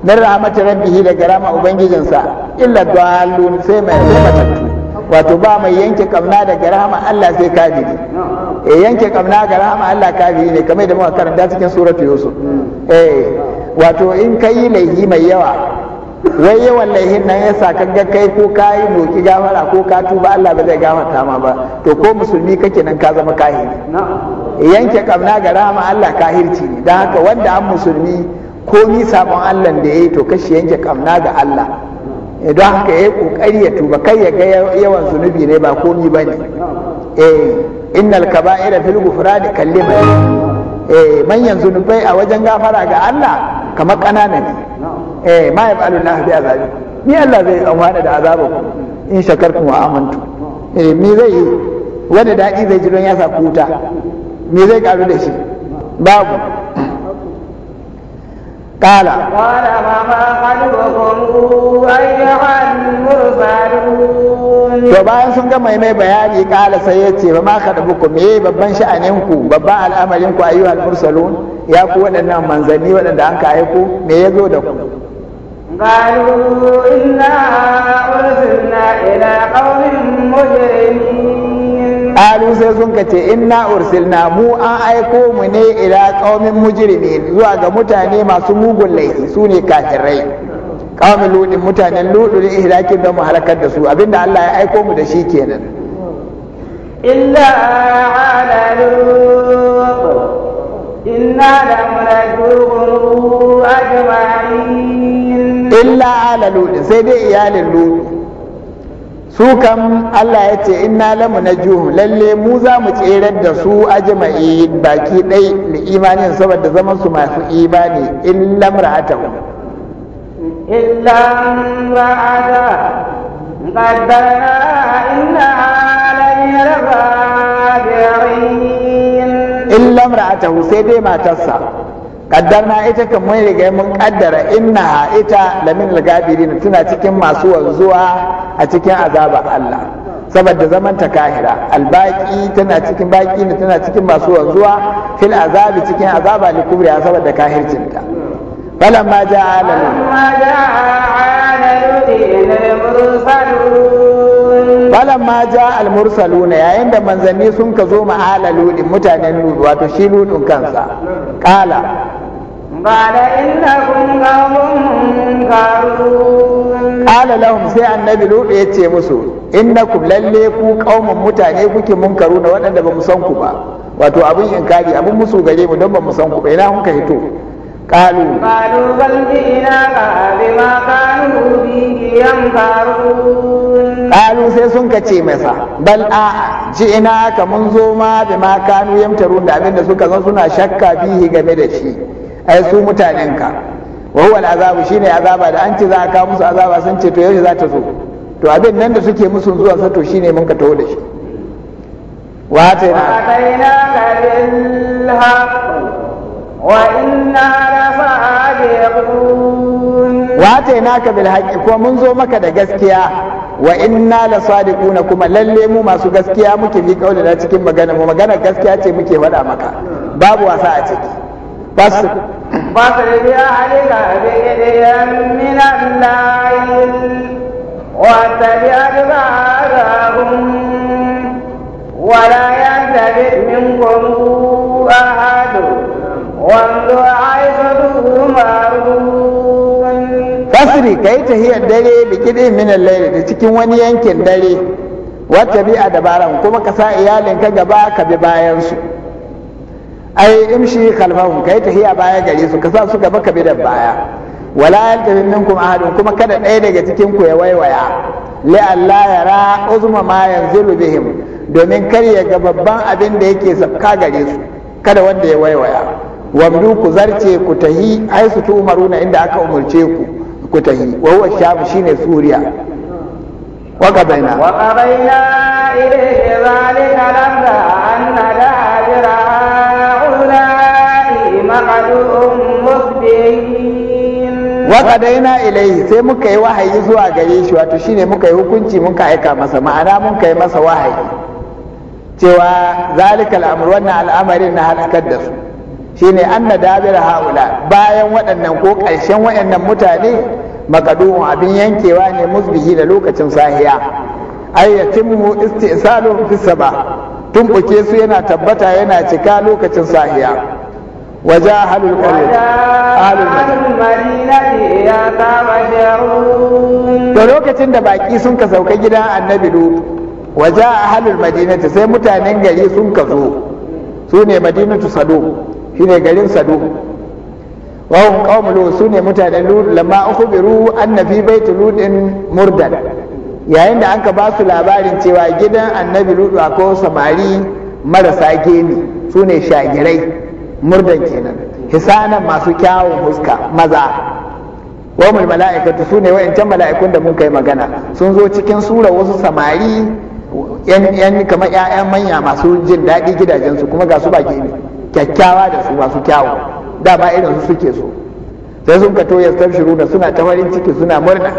من رحمة ربه لكرامة أبنجي جنسا إلا الضالون سيما يتبتت wato ba mai yanke kamna da rahama Allah sai kafiri eh yanke kamna ga rahama Allah kafi ne kamar da muka karanta cikin suratu yusuf eh wato in kai laihi mai yawa wai yawan laihin nan ya sa ga kai ko ka yi gafara ko ka tuba Allah ba zai gafarta ma ba to ko musulmi kake nan ka zama kahiri eh, yanke kamna ga rahama Allah kahirci ne dan haka wanda an musulmi komi sabon Allah da yayi to kashi yanke kamna ga Allah Eh, don haka ya yi kokari ya tuba kai ya ga yawan zunubi ne ba komi ba ne eh innal kaba'ira fil kalli kallima eh manyan zunubai a wajen gafara ga Allah kamar kanana ne eh ma yafalu na bi azabi ni Allah zai amfana da ku. in shakartum wa amantu eh me zai yi wani dadi zai ji don ya sa kuta me zai karu da shi babu قال قال
فما قلبكم أيها المرسلون
to bayan sun gama mai bayani kala sai ya ce ba ma ka dabu ku me eh, babban sha'anin ku babban al'amarin ku a al-mursalun ya ku waɗannan manzanni waɗanda an ka aiko me ya zo da ku
قالوا إنا أرسلنا إلى
qalu sai sun kace inna ursilna mu an aiko mu ne ila qaumin mujrimin zuwa ga mutane masu mugun laifi sune kafirai qaumin ludin mutanen ludu ne ihlakin da mu halakar da su abinda Allah ya aiko mu da shi kenan
illa ala inna ajma'in
illa ala ludin sai dai iyalin ludin su kam Allah ya ce inna lamu na juhu lalle mu za mu tserar da su ajma'i baki ɗai da imanin saboda zaman su masu imani in lamra
illa In qaddara inna alayhi rabbi
in lamra'ata sai dai matarsa kaddarna ita kan mun riga mun kaddara inna ita lamin al-gabirin tana cikin masu wanzuwa a cikin azaba Allah saboda zaman ta kahira albaki tana cikin baki ne tana cikin masu wanzuwa fil azabi cikin azaba li kubra saboda kahircin ta falamma ja'a lana ma ja'a
mursalun
falamma ja al-mursaluna yayin da manzanni sun ka zo ma'ala ludin mutanen ludu wato shi ludin kansa kala
qala innakum qawmun karu.
qala lahum sai annabi ludu ce musu innakum lalle ku qaumun mutane kuke munkaru na waɗanda ba mu san ku ba wato abin inkari abin musu gare mu don ba mu san ku ba ina kun ka hito قالوا قالوا sai sun kace masa bal a ji'ina ka mun zo ma da ma kanu yamtarun da abinda suka zan suna shakka bihi game da shi ai su mutanen ka wa huwa shine azaba da an ce za a kawo musu azaba sun ce to yaushe za ta zo to abin nan da suke musu zuwa sa to shine mun ka taho da shi wa ta
ina wa inna
wa atainaka bil ko mun zo maka da gaskiya wa inna la sadiquna kuma lalle mu masu gaskiya muke bi kauli na cikin magana mu magana gaskiya ce muke faɗa maka babu wasa a ciki bas
فاصبر عليك بهديا من الليل واتبع أدبارهم ولا يلتفت منكم أحد وامضوا حيث تؤمرون fasri
ka yi tahiyar dare da kiɗe minan laili da cikin wani yankin dare wata bi a dabaran kuma ka sa ka gaba ka bi bayansu ai imshi khalfahum ka yi tahiya baya gare su ka sa su gaba ka bi da baya wala yaltafi minkum ahadun kuma kada ɗaya daga cikin ku ya waiwaya li Allah yara uzma ma yanzilu bihim domin kar ya ga babban abin da yake sabka gare su kada wanda ya waiwaya wamdu ku zarce ku tahi ai su tumaruna inda aka umurce ku ku wa huwa shine suriya wa qabaina wa qabaina ilayhi
zalika anna ulai maqadum musbihin
wa ilayhi sai muka yi wahayi zuwa gare shi wato shine muka yi hukunci muka aika masa ma'ana muka yi masa wahayi cewa zalikal amru wannan al'amarin na halakar da su ne an na dabira haula bayan waɗannan ko ƙarshen waɗannan mutane makadu'un abin yankewa ne musbihi da lokacin sahiya ay yatimmu isti'saluhum fi Tun Buke su yana tabbata yana cika lokacin sahiya وجاهل القرية أهل المدينة إياك da lokacin da baƙi sun ka sauka gidan annabi lut waja halin madinati sai mutanen gari sun ka zo su ne madinatu sadu. Shi ne garin sadu wa hum qaum lut sune mutanen lut lamma ukhbiru anna fi baiti lutin murdan yayin da anka ba su labarin cewa gidan annabi lutu ko samari marasa gemi sune shagirai murdan kenan hisanan masu kyawun huska maza wa mul mala'ikatu sune wa'ancan mala'ikun da mun kai magana sun zo cikin sura wasu samari yan kamar 'ya'yan manya masu jin daɗi gidajensu kuma ga su ba gemi kyakkyawa da su masu kyawu da ba irin su suke so sai sun kato ya shiru da suna ta farin ciki suna murna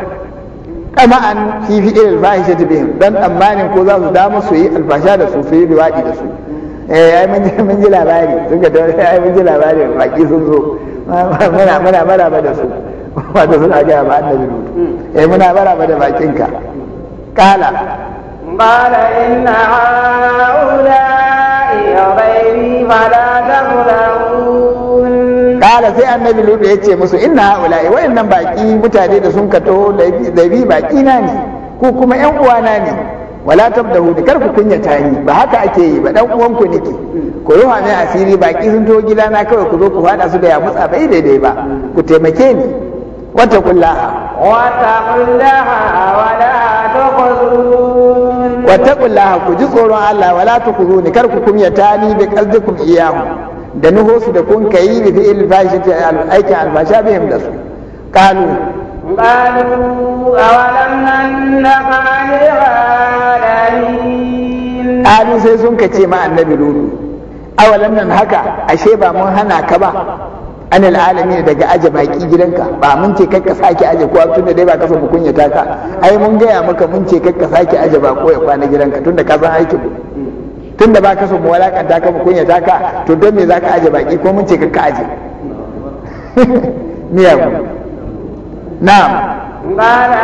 an fi fi irin fahisha ta bihin don tsammanin ko za su dama su yi alfasha da su su yi riwaɗi da su eh ai mun ji labari sun ka tauri ai mun ji labari baki sun zo muna muna maraba da su wato suna ga ba annabi lutu eh muna maraba da ka kala qala inna annabi lutu ya ce musu inna haula'i wayannan baki mutane da sun kato da bi baki na ne ku kuma yan uwana ne wala tabdahu da kar ku kunyata ni ba haka ake yi ba dan uwanku nake ku ruha mai asiri baki sun to gida na kawai ku zo ku fada su da ya mutsa bai daidai ba ku taimake ni wata kullaha wata
kullaha wala wata kullaha
ku ji tsoron Allah wala tukhzuni kar ku kunyata ni bi qazdikum iyahu da nuhu su da kun kai fi fi'il fashi ta aikin alfasha bihim da su qalu qalu awalam annaka alamin qalu sai sun ka ce ma annabi A awalan nan haka ashe ba mun hana ka ba anil ne daga aje baki gidanka ba mun ce kakka sake aje kowa da dai ba kasa mu kunyata ka ai mun gaya maka mun ce kakka sake aje ba ko ya kwana gidanka Tun ka san aikin tun da ba ka so mu ka mu kunyata ka to don me za ka aje baki ko mun ce ka ka aje *laughs* miyagu na bana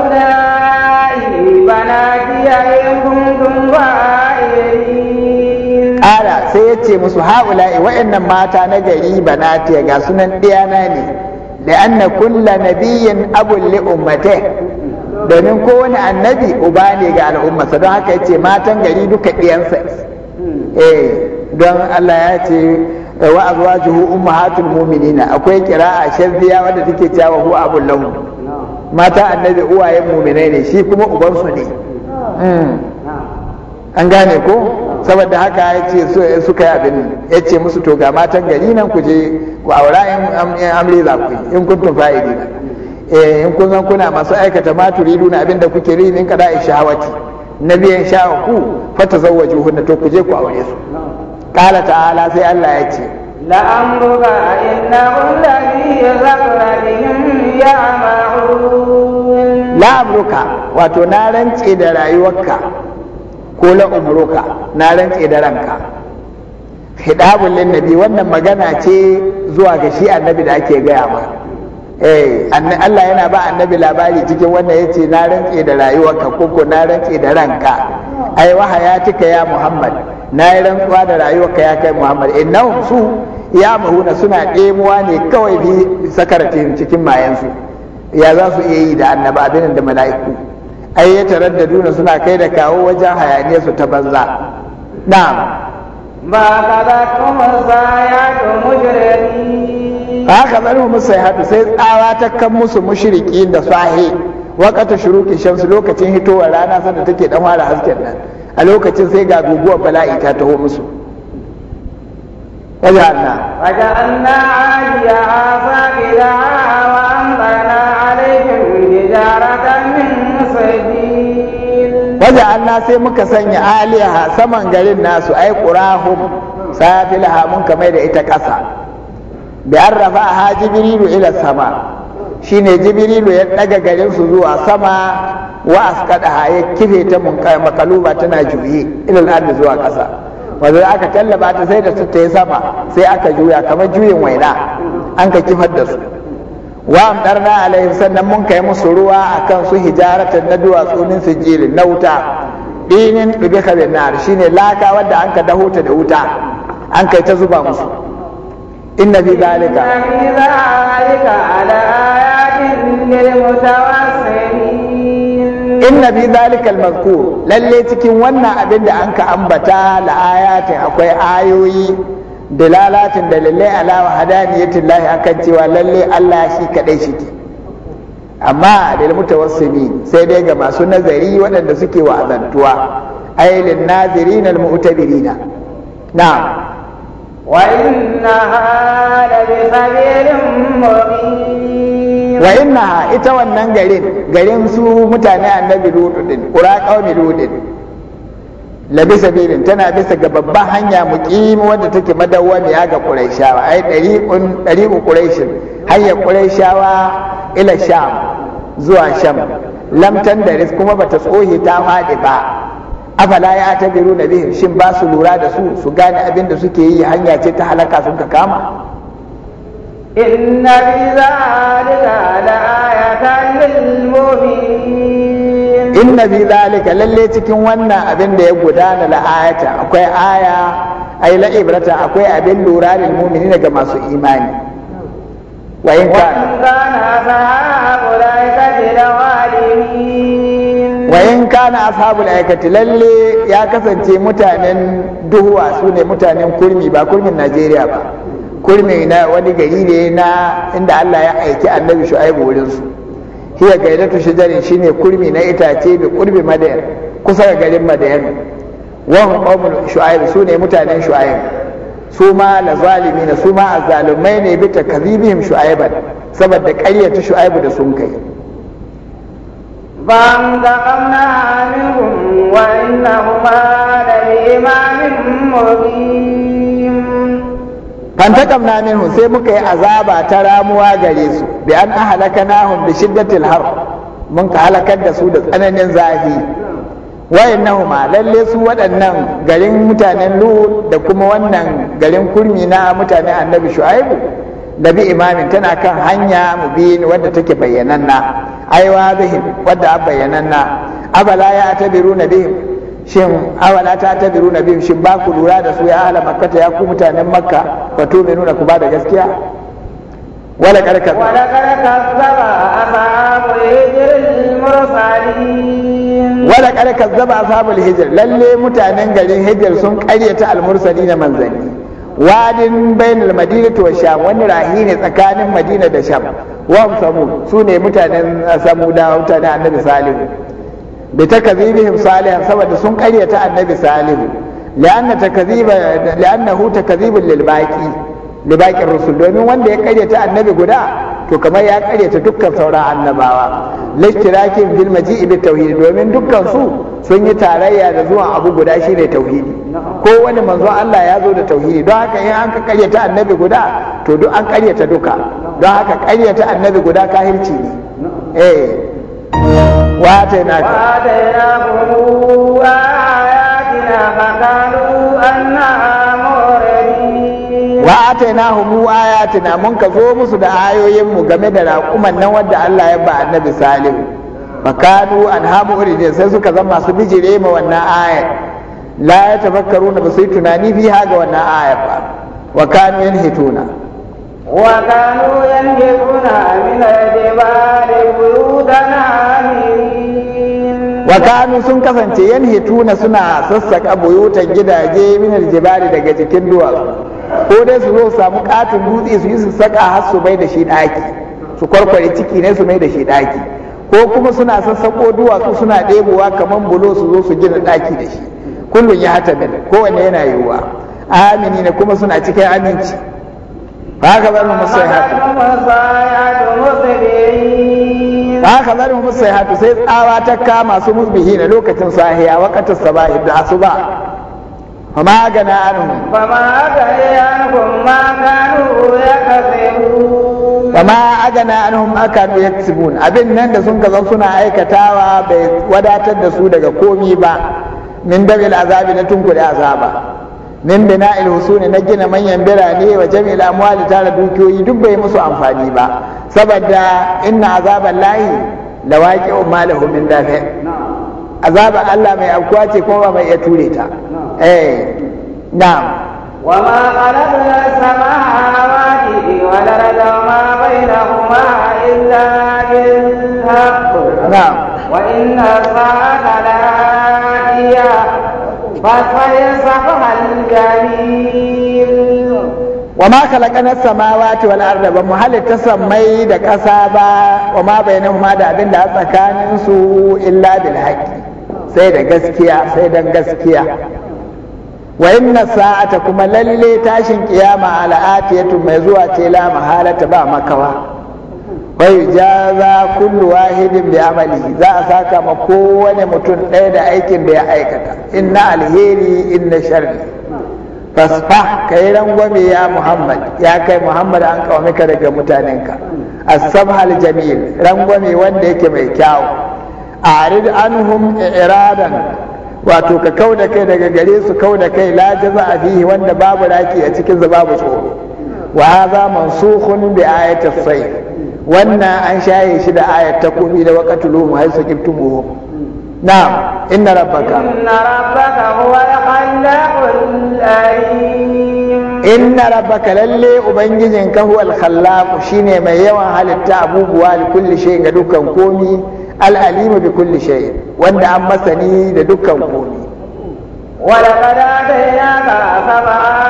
ulai banati in
kuntum Ala
sai ya ce musu ha'ula'i wa'annan mata na gari banatiya ga sunan ɗiyana ne da anna kulla nabiyyin abul li domin kowane annabi uba ne ga al'ummarsa don haka yace matan gari duka ɗiyansa eh don Allah ya ce wa azwajuhu ummahatul mu'minina akwai kira'a shaddiya wadda take cewa hu abul lahu mata annabi uwayen mu'minai ne shi kuma uban su ne hmm. an gane ko saboda haka ya ce suka yi abin ya ce musu to ga matan gari nan ku je ku aura in amri za ku in kuntum fa'idina eh in kun san kuna masu aikata ma turiduna abinda kuke ri min kada ishawati ya sha ku fatazawwaju hunna to ku je ku aure su qala ta'ala sai Allah ya ce la amruka innahu ladhi yaqrabihim
ya'ma'un
la amruka wato na rantse da rayuwarka ko la umruka na rantse da ranka hidabul nabi wannan magana ce zuwa ga shi annabi da ake gaya ma eh Allah yana ba annabi labari cikin wannan ya ce na rantse da rayuwarka koko na rantse da ranka ai wa cika ya Muhammad na yi rantsuwa da rayuwarka ya kai Muhammad innahum su ya mahuna suna ɗemuwa ne kawai bi sakaratin cikin mayansu ya za su iya yi da annaba abin da mala'iku ai ya duna suna kai da kawo wajen hayaniya su ta banza Na ba
kuma za ya
haka mu musu haɗu sai tsawa ta kan musu mushriki da sahi wakata shuruki shamsu lokacin hitowar rana sanda take dan fara hasken nan a lokacin sai ga guguwar bala'i ta taho musu وجعلنا
وجعلنا عاليها سافلها وأمطرنا عليهم min من صديد
وجعلنا sai muka sanya aliyaha saman garin nasu ai qurahum safilaha mun kamar da ita ƙasa bi an rafa jibrilu ila sama shine jibrilu ya daga garin su zuwa sama wa askadaha ya kife ta makaluba tana juye ila ardi zuwa kasa wanda aka kallaba ta sai da su ta tayi sama sai aka juya kamar juyin waina an ka kifar da su wa amdarna alaihim sannan mun kai musu ruwa akan su hijaratan na duwatsu min sijilin na wuta dinin dubi kabin nar shine laka wanda an ka daho ta da wuta an kai ta zuba musu إن في ذلك إن في ذلك على آيات
للمتوسمين
إن في ذلك da للي تكين ونا أبدا أنك أنبتا لآيات dalalatin dalilai ala wahadaniyatin lahi akan cewa lalle Allah shi kadai shi ke amma da mutawassimi sai dai ga masu nazari waɗanda suke wa'azantuwa ailin nazirina al-mu'tabirina na'am
وإنها
ita wannan garin garin su mutane annabi lutu din qura labi sabirin tana bisa ga babban hanya muqimi wadda take madawwamiya ga quraishawa ai dariqun dariqu quraishin hayya quraishawa ila sham zuwa sham lam tandaris kuma bata tsohe ta fadi ba afala ya ta biru na bihim shin ba su lura da su su gane abin da suke yi hanya ce ta halaka sun ka kama inna fi zalika la ayatan
lil mu'minin
inna fi zalika lalle cikin wannan abin da ya gudana la ayata akwai aya ai la ibrata akwai abin lura lil mu'minin ga masu imani wa in
kana fa ulai kadira walimi
kana ashabul aikati lalle ya kasance mutanen duhuwa su ne mutanen kurmi ba kurmin najeriya ba kurmi na wani gari ne na inda allah ya aiki annabi shu'aibu wurinsu hiya gaidatu shijarin shine kurmi na itace bi kurbi madayar kusa ga garin madayan wan qaumul shu'aib su ne mutanen shu'aib su ma la zalimin su ma azzalumai ne bi takzibihim shu'aiban saboda ƙaryata shu'aibu da sun kai
فانتقمنا منهم وإنهما لإمام
مبين فانتقمنا منهم سيبك عذابا ترى مواجريس بأن أهلكناهم بشدة الحر من halakar da su da tsananin zafi wa'annahuma lalle su waɗannan garin mutanen lut da kuma wannan garin kurmi na mutane annabi shu'aibu da imamin tana kan hanya mubin wadda take bayyananna ai wazihim wadda abbayyananna abala ya atabiruna bihim shin awala ta atabiruna bihim shin ba ku lura da su ya ahla makkata ya ku mutanen makka mai nuna ku ba da gaskiya wala karkar wala karkar zaba ashabul hijr
mursalin
wala karkar zaba ashabul hijr lalle mutanen garin hijr sun karyata al mursalin manzanni wadin bainal madinatu wa sham wani rahi ne tsakanin madina da sham wa samud su ne mutanen samuda mutanen annabi salihu bi takazibihim salihan saboda sun karyata annabi salihu li'anna takziba li'annahu takzibun lil baqi libaƙin rusul domin wanda ya karyata annabi guda to kamar ya karyata dukkan sauran annabawa lishtirakin bil maji'i ibi, tauhidi domin dukkan su sun yi tarayya da zuwan abu guda shine tauhidi ko wani manzo Allah ya zo da tauhidi don haka in an ka karyata annabi guda to duk an karyata duka don haka karyata annabi guda kahirci ne eh wa na ka wa ta na ku ayatina atainahu mu ayatina mun ka zo musu da ayoyin mu game da raƙuman nan wadda Allah ya ba annabi salihu makanu an habu ne sai suka zama su bijire ma wannan aya la ya tafakkaru na basu yi tunani ha ga wannan aya ba wa kanu hituna wa kanu
yanhituna min al-jibali buyutana amin
wa sun kasance yan hituna suna sassaka buyutan gidaje min jibali daga cikin duwatsu ko dai su zo samu katin dutse su yi su saka har su bai da shi daki su kwarkware ciki ne su mai da shi daki ko kuma suna sassako duwatsu suna ɗebowa kamar bulo su zo su gina daki da shi kullun ya hata min kowanne yana yiwuwa amini ne kuma suna cikin aminci haka bar mu musayhatu haka. Ba haka zalim musa ya hatu sai tsawa ta kama su musu musbihi na lokacin sahiya wakatar sabahi da su ba fama gana anu
fama gani anu ma kanu ya ma
fama agana anu ma aka ya kasimun abin nan da sun kazan suna aikatawa bai wadatar da su daga komi ba min dabil azabi na tunkuli azaba min bina ilhusuni na gina manyan birane wa jami'il amwali tara dukiyoyi duk bai musu amfani ba saboda inna azaban lahi la waqi'un min dafi azaba Allah mai afkuwa ce kuma ba mai iya ture ta eh wa
ma samaa wa
ma na samawa ce wani arda ba mu halitta samai da ƙasa ba wa ma bayanin ma da abin da a tsakanin su illa bil haƙi sai da gaskiya sai dan gaskiya wa inna sa'ata kuma lalle tashin kiyama al'atiyatu mai zuwa tela la mahalata ba makawa wai za kullu wahidin bi amali za a saka ma kowane mutum ɗaya da aikin da ya aikata inna alheri inna sharri fasfa kai rangwame ya muhammad ya kai muhammad an mika daga mutanenka asabhal samhal jamil rangwame wanda yake mai kyawu arid anhum iradan wato ka kau da kai daga gare su kau da kai la jaza a fihi wanda babu raki a cikin babu tsoro wa hadha mansukhun bi ayati as wannan an shaye shi da ayat ta kumi da waqatulu ma yasqibtumu na'am inna rabbaka inna rabbaka huwa al-khallaqul
alim inna rabbaka lalle
ubangijin ka huwa al-khallaq shine mai yawan halitta abubuwa li kulli shay ga dukkan komi al-alim bi kulli shay wanda an masani da dukkan komi ولقد آتيناك سبعا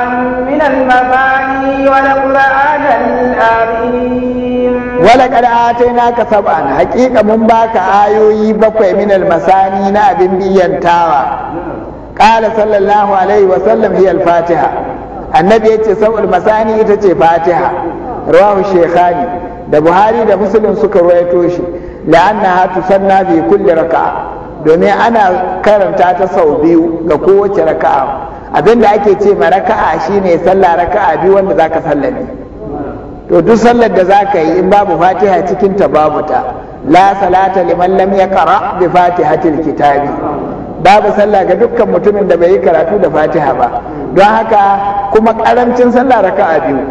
من
المثاني والقرآن العظيم wala
atai naka sab'an haqiqa mun baka ayoyi bakwai min masani na abin biyantawa qala sallallahu alaihi wa sallam hiya al-fatiha annabi yace sab'ul masani ita ce fatiha rawahu shaykhani da buhari da muslim suka ruwaito shi la'annaha tusanna bi kulli raka'a domin ana karanta ta sau biyu ga kowace raka'a abinda ake ce ma raka'a shine sallah raka'a biyu wanda zaka sallani. to duk sallar da za ka yi in babu fatiha cikin ta babu ta la salata liman lam yaqra bi fatihatil kitabi babu sallah ga dukkan mutumin da bai yi karatu da fatiha ba don haka kuma karamcin sallah raka'a biyu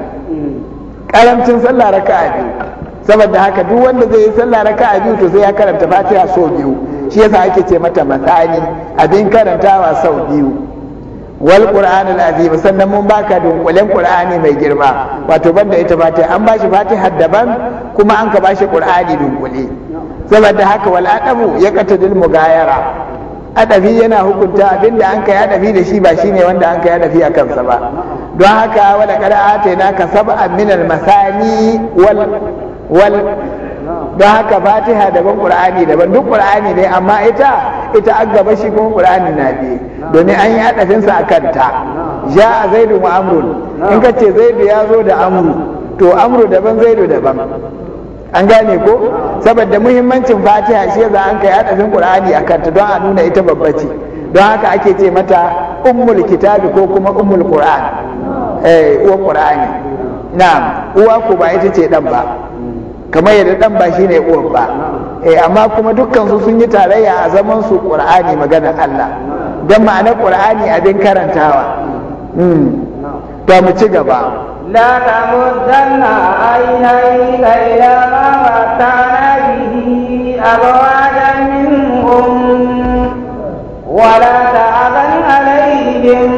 karamcin sallah raka'a biyu saboda haka duk wanda zai yi sallah raka'a biyu to sai ya karanta fatiha sau biyu shi yasa ake ce mata masani abin karantawa sau biyu wal al azim sannan mun baka dunkulen qur'ani mai girma wato banda ita fatiha an bashi fatiha daban kuma an ka bashi qur'ani dunkule saboda haka wal adabu ya mu mugayara adabi yana hukunta abinda an kai adabi da shi ba shine wanda an kai adabi a kansa ba don haka wala ina ka sab'a min al masani wal wal don haka fatiha daban qur'ani daban duk qur'ani ne amma ita ita an gaba shi kuma qur'ani na biye domin an yi hadafin sa akan ta ja zaidu wa amru in ka ce zaidu ya zo da amru to amru daban zaidu daban an gane ko saboda muhimmancin fatiha shi yasa an kai hadafin qur'ani akan ta don a nuna ita babba ce don haka ake ce mata ummul kitabi ko kuma ummul qur'an eh uwa qur'ani na'am uwa ko ba ita ce dan ba kamar yadda dan ba shine uwan ba eh amma kuma dukkan su sun yi tarayya a zaman su qur'ani magana Allah dan ma'anar qur'ani abin karantawa mm to mu ci gaba لا
تمدن عينيك إلى ما متعنا به أبواجا ولا تعبا عليهم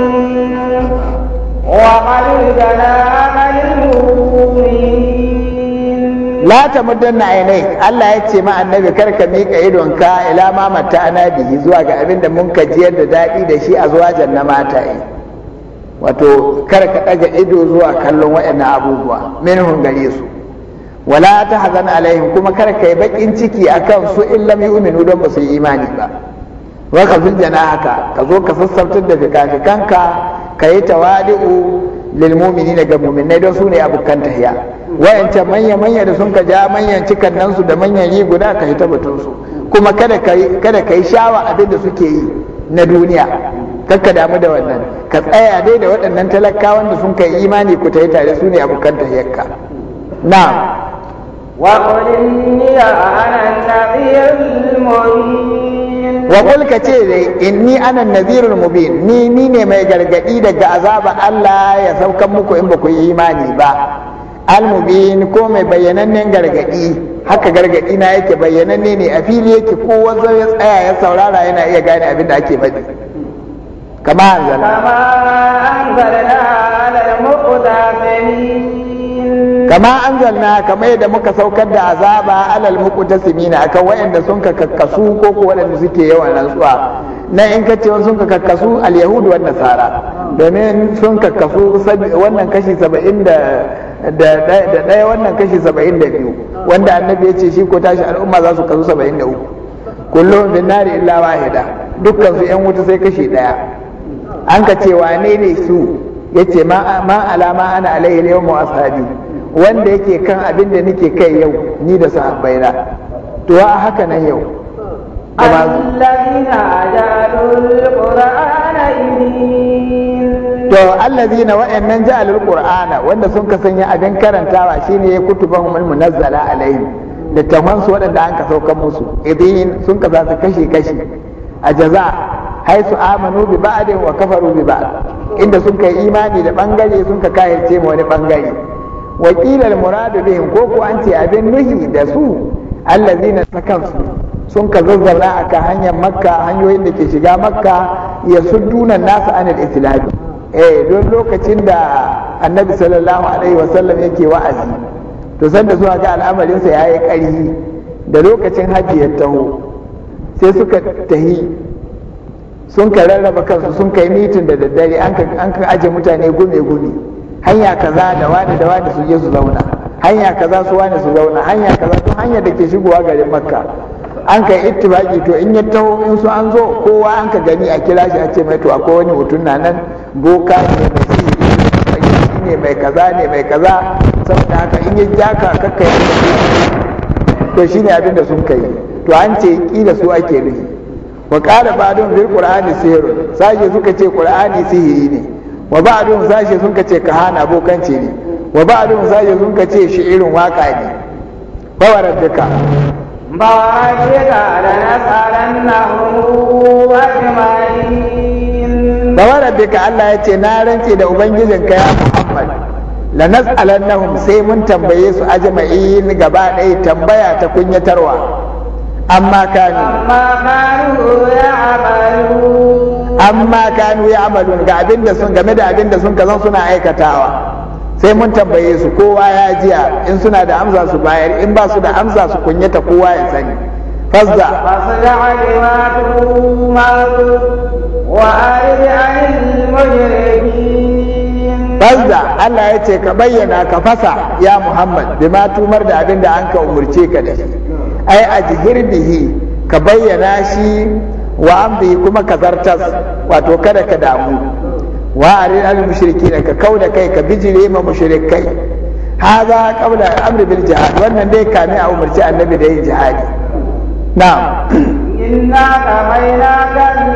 وقل
جناح للمؤمنين
la ta na ainai Allah ya ce ma annabi kar ka mika idon ka ila ma mata ana zuwa ga abin da mun kajiyar da daɗi da shi a zuwa janna mata yi wato kar ka ɗaga ido zuwa kallon waɗannan abubuwa hun gare su wala ta hazan alaihim kuma kar ka yi bakin ciki kan su in lam yu'minu don ba su yi imani ba wa ka haka ka zo ka sassabtar da fikafikanka ka yi tawadi'u lil mu'minina ga mu'minai don su ne tahiya wayance manya manya da sun ka ja manyan cikan nan su da manyan yi guda ka hita batun su kuma kada kai kada kai shawa abin da suke yi na duniya kakka damu da wannan ka tsaya dai da waɗannan talakawan da sun kai imani ku tayi tare su ne abukan tahiyarka na'am وقل إني
ana النذير المبين
wa kulka ce inni ana nazirul mubin ni ni ne mai gargadi daga azaba Allah ya saukan muku in ba ku yi imani ba al mubin ko mai bayyanannen gargadi haka gargadi na yake bayyananne ne a fili yake ko wanda ya tsaya ya saurara yana iya gane abin da ake faɗi kama anzala kama anzala al-muqtasim kama anzalna kamar yadda muka saukar da azaba alal muqtasimina akan wayanda sun ka kakkasu ko ko wayanda suke yawan rantsuwa na in kace wani sun ka kakkasu al yahudu wan nasara domin sun kakkasu wannan kashi 70 da da ɗaya wannan kashi 72 wanda annabi ya ce shi ko tashi al'umma za su kasu 73 kullum bin nari illa wahida dukkan su yan wuta sai kashi ɗaya an ka ce wane ne su yace ma alama ana alaihi yawmu ashabi wanda yake kan abin da nake kai yau ni da sahabbaina to a haka nan yau to allazina wa'annan ja'alul qur'ana wanda sun ka sanya abin karantawa shine kutuban munazzala alaihi littafan su waɗanda an ka saukan musu idin sun ka za su kashe kashe a jaza haisu amanu bi wa kafaru bi ba'd inda sun kai imani da bangare sun ka kayyace ma wani bangare wakilar muradu bihim ko ko an ce abin nuhi da su allazina ta kansu sun ka zazzara a ka hanyar makka hanyoyin da ke shiga makka ya suddunan nasu anil islami eh don lokacin da annabi sallallahu alaihi wasallam yake wa'azi to sanda suna ga al'amarinsa ya yi ƙarhi da lokacin hajji ya taho sai suka tahi sun ka rarraba kansu sun kai mitin da daddare an ka aje mutane gumi-gumi. hanya kaza da wani da wani su je su zauna hanya kaza su wani su zauna hanya kaza su hanya da ke shigowa garin makka an kai ittibaki to in ya taho su an zo kowa an ka gani a kira shi a ce mai to akwai wani hutun na nan boka ne mai sihiri ne mai kaza ne mai kaza saboda haka in ya jaka kakkai to shine abin da sun kai to an ce kila su ake nufi wa ba ba'dun bil qur'ani sihrun sai suka ce qur'ani sihiri ne wa ba'dun zashi sun kace kahana ce ne wa ba'dun zashi sun kace irin waka ne ba wa rabbika
ba'ida lanasalannahu ajma'in
fa wa rabbika Allah ya ce na rance da ubangijinka ya Muhammad lanas'alannahum sai mun tambaye su ajma'in gaba ɗaya tambaya ta kunyatarwa amma kanu amma kanu ya amalu amma kanu ya amalun ga abin da sun game da abin da sun kazan suna aikatawa sai mun tambaye su kowa ya jiya in suna da amsa su bayar in ba su da amsa su kunyata kowa ya sani fasda
fasda
Allah ya ce ka bayyana ka fasa ya Muhammad ma tumar da abin da an ka umurce ka da shi, ai a bihi ka bayyana shi wa bi kuma kazartas, wato kada ka damu wa ari al mushriki ka kauda kai ka bijire ma mushrikai hadha qabla amri bil jihad wannan dai kame a umarci annabi da yin jihadi na'am
inna kal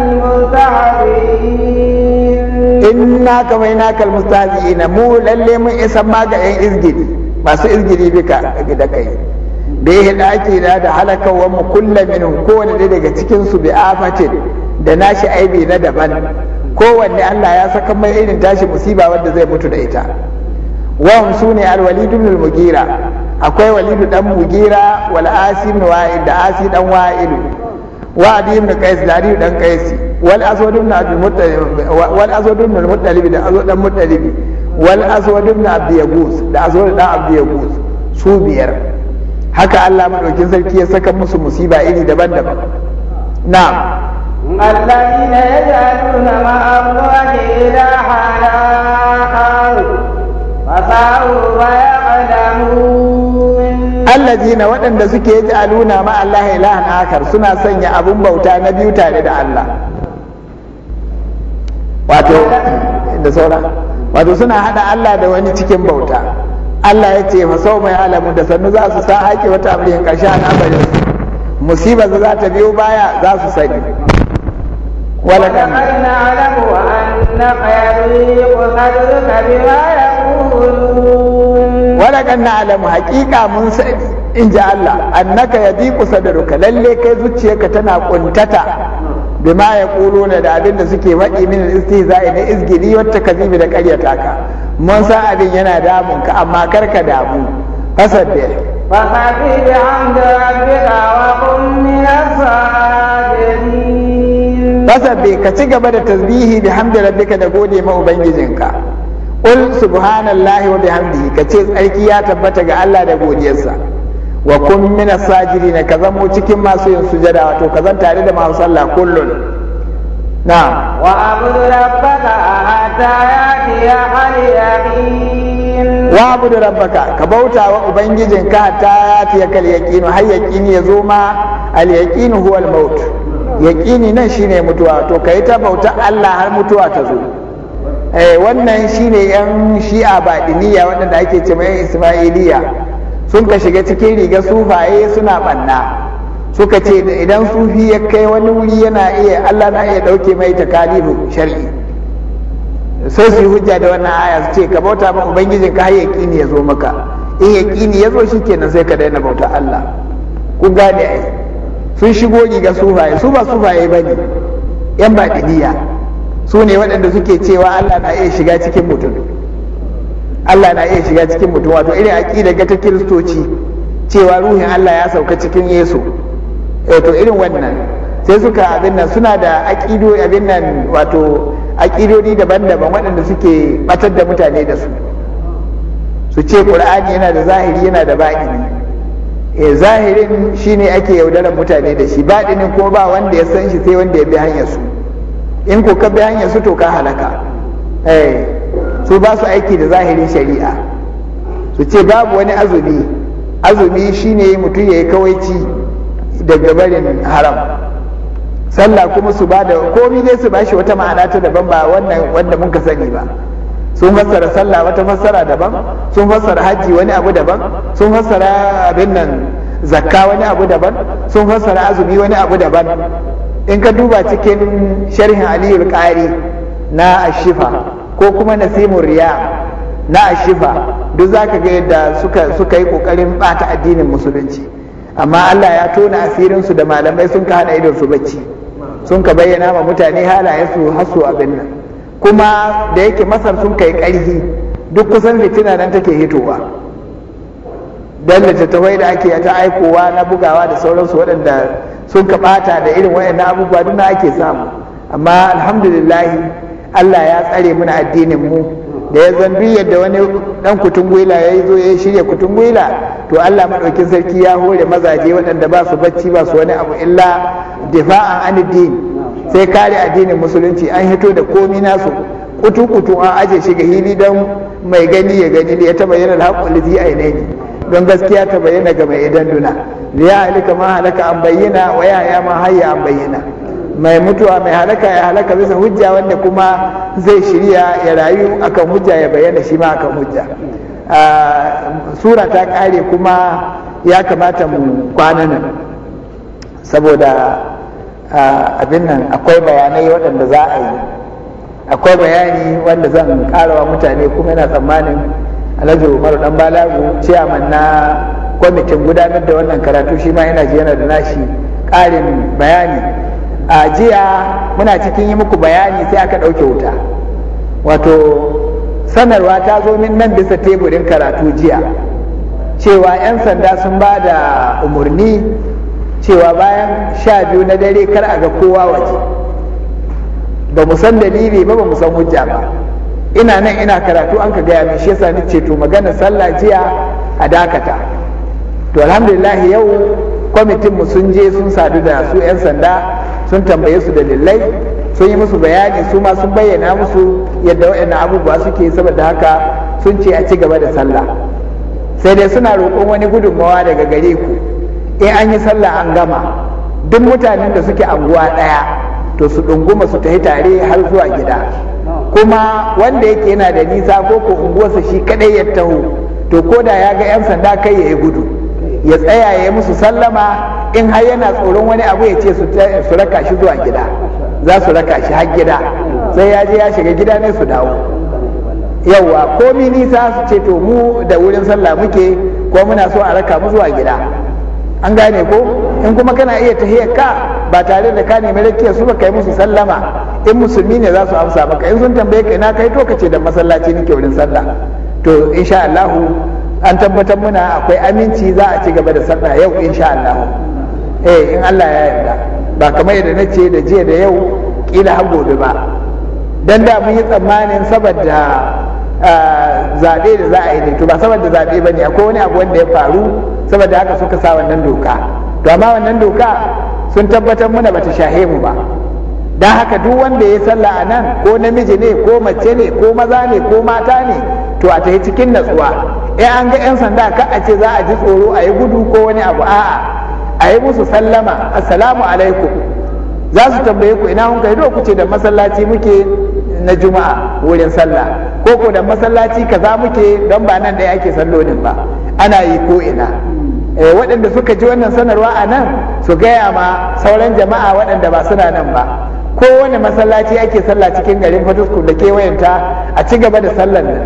mustahzi'in
inna kamaina kal mustahzi'ina mu lalle mun isa ma ga yan izgidi masu izgidi bika da kai bai ɗaki na da halakawar mu kulla minhum kowane ɗaya daga cikin su bi afatin da nashi aibi na daban kowanne Allah ya saka mai irin tashi musiba wanda zai mutu da ita wahum sune al-walid ibn al-mugira akwai walid dan mugira wal asim wa'id da asi dan wa'il abi ibn qais da dan qais wal aswad ibn abi muttalib wal aswad ibn al-muttalib da aswad dan muttalib wal aswad ibn abi yaguz da aswad dan abi yaguz su biyar haka Allah madaukin sarki ya saka musu musiba iri daban-daban na
Allahina ya zaru na ma'amuwa ne da
Allazina waɗanda suke ya aluna ma Allah ilahan akar suna sanya abun bauta na biyu tare da Allah wato da sauran wato suna hada Allah da wani cikin bauta Allah ya ce masau mai alamu da sannu za su sa haƙi wata amrin ƙarshe a musibar da za ta biyo baya za su sani wala kan na'lamu
anna fariqu qad kabira ya
wala kan alamu haqiqa mun sani in ji Allah annaka yadiqu sadruka lalle kai zuciyarka tana kuntata bima yaquluna da abinda da suke faɗi min istihza'i na izgili wata kazibi da ƙaryata mun san abin yana damun ka amma kar ka damu fasabbih fasabbih bi wa ka ci gaba da tasbihi bi hamdi rabbika da gode ma ubangijinka qul subhanallahi wa bihamdihi ka ce tsarki ya tabbata ga Allah da godiyarsa wa kun min as ka zamo cikin masu yin sujada wato ka zan tare da masu sallah kullun نعم
واعبد ربك حتى ياتي اليقين واعبد
ربك كبوتا وأبنجزنك حتى ياتيك اليقين هل يقين يزوم اليقين هو الموت yaƙini nan shine mutuwa to ka yi ta bauta Allah har mutuwa ta zo eh wannan shine yan shi'a baɗiniya waɗanda ake ce mai ismailiya sun ka shiga cikin riga sufaye suna ɓanna suka ce da idan sufi ya kai wani wuri yana iya Allah na iya ɗauke mai takalilu shari'i sai su yi hujja da wannan aya su ce ka bauta ma ubangijin ka haye kini ya zo maka in ya kini ya zo shi kenan sai ka daina bauta Allah kun gane ai sun shigo ga sufaye su ba sufaye ba ne yan baɗiniya su ne waɗanda suke cewa Allah na iya shiga cikin mutum Allah na iya shiga cikin mutum wato irin aƙidar ga ta kiristoci cewa ruhin Allah ya sauka cikin Yesu Eh, to irin wannan sai suka abin nan suna da aƙido abin nan wato aƙidodi daban-daban waɗanda suke batar da mutane da su su ce ƙur'ani yana da zahiri yana da baɗini eh zahirin shine ake yaudarar mutane da shi baɗinin kuma ba wanda ya san shi sai wanda ya bi hanyar su in ko ka bi hanyar su to ka halaka eh su ba su aiki da zahirin shari'a su ce babu wani azumi azumi shine mutum ya yi kawaici daga barin haram sallah kuma su ba da komi dai su bashi wata ma'ana ta daban ba wannan wanda mun ka sani ba sun fassara sallah wata fassara daban sun fassara haji wani abu daban sun fassara abin nan zakka wani abu daban sun fassara azumi wani abu daban in ka duba cikin sharhin aliyul qari na ashifa ko kuma nasimur riya na ashifa duk zaka ga yadda suka suka yi kokarin bata addinin musulunci amma Allah ya tona asirinsu da malamai sun ka hada idon su bacci sun ka bayyana ma mutane halayensu hasu abin nan kuma da yake masar sun kai ƙarfi duk kusan fitina nan take hitowa don littattafai da ake ta aikowa na bugawa da sauransu waɗanda sun ka ɓata da irin waɗannan abubuwa duk ake samu amma alhamdulillah Allah ya tsare muna addinin mu da ya zambi yadda wani dan kutungwila ya zo ya shirya kutun gwila to Allah madaukin sarki ya hore mazaje waɗanda ba su bacci ba su wani abu illa difa'an an din sai kare addinin musulunci an hito da komi nasu kutu kutu an aje shi ga hili dan mai gani ya gani da ya taba yana alhaqul ladhi ainaini don gaskiya ta bayyana ga mai idan duna ya halika ma an bayyana wa ya ma hayya an bayyana mai mutuwa mai halaka ya halaka bisa hujja wanda kuma zai shirya ya rayu akan hujja ya bayyana shi ma akan hujja ah, sura ta kare kuma ya kamata mu kwana nan saboda ah, abin nan akwai bayanai waɗanda za a yi akwai bayani wanda zan karawa mutane kuma yana tsammanin alhaji umar dan balagu ciyaman na kwamitin gudanar da wannan karatu shi ma yana ji yana da nashi ƙarin bayani a jiya muna cikin yi muku bayani sai aka ɗauke wuta wato sanarwa ta zo min nan bisa teburin karatu jiya cewa 'yan sanda sun ba da umarni cewa bayan sha biyu na dare kar a ga kowa waje ba mu san dalili ba ba mu san hujja ba ina nan ina karatu an ka gaya min shi yasa ni ceto magana sallah jiya a dakata to alhamdulillah yau kwamitin mu sun je sun sadu da su 'yan sanda sun tambaye su da dalilai sun yi musu bayani su ma sun bayyana musu yadda waɗannan abubuwa suke saboda haka sun ce a ci gaba da sallah sai dai suna roƙon wani gudunmawa daga gare ku in an yi sallah an gama duk mutanen da suke anguwa ɗaya to su ɗunguma su tafi tare har zuwa gida kuma wanda yake yana da nisa ko ko unguwarsa shi kaɗai ya taho to ko da ya ga 'yan sanda kai ya yi gudu ya tsaya ya musu sallama in har yana tsoron wani abu ya ce su raka shi zuwa gida za su raka shi har gida sai ya je ya shiga gida ne su dawo yauwa komi nisa su ce to mu da wurin sallah muke ko muna so a raka mu zuwa gida an gane ko in kuma kana iya tahiyar ka ba tare da ka nemi rakiya su ba kai musu sallama in musulmi ne za su amsa maka in sun tambaye ka ina kai to kace da masallaci nake wurin sallah to insha Allah an tabbatar muna akwai aminci za a ci gaba da sallah yau insha Allah eh in Allah ya yarda ba kamar yadda na ce da jiya da yau kila har gobe ba dan da mun yi tsammanin saboda ah, zaɓe da za a yi ne to ba saboda zabe ba ne akwai wani abu wanda ya faru saboda haka suka sa wannan doka to amma wannan doka sun tabbatar muna bata shahe mu ba don haka duk wanda ya sallah a nan ko namiji ne ko mace ne ko maza ne ko mata ne to a tafi cikin natsuwa in an ga 'yan sanda ka a ce za a ji tsoro a yi gudu ko wani abu a'a a yi musu sallama assalamu alaikum za su tambaye ku ina kun kai do ku da masallaci muke na juma'a wurin sallah ko ko da masallaci kaza muke don ba nan da ake sallonin ba ana yi ko ina eh, waɗanda suka ji wannan sanarwa a nan su gaya ma sauran jama'a waɗanda ba suna nan ba kowane masallaci ake sallah cikin garin fatuskun da kewayenta a ci gaba da sallar nan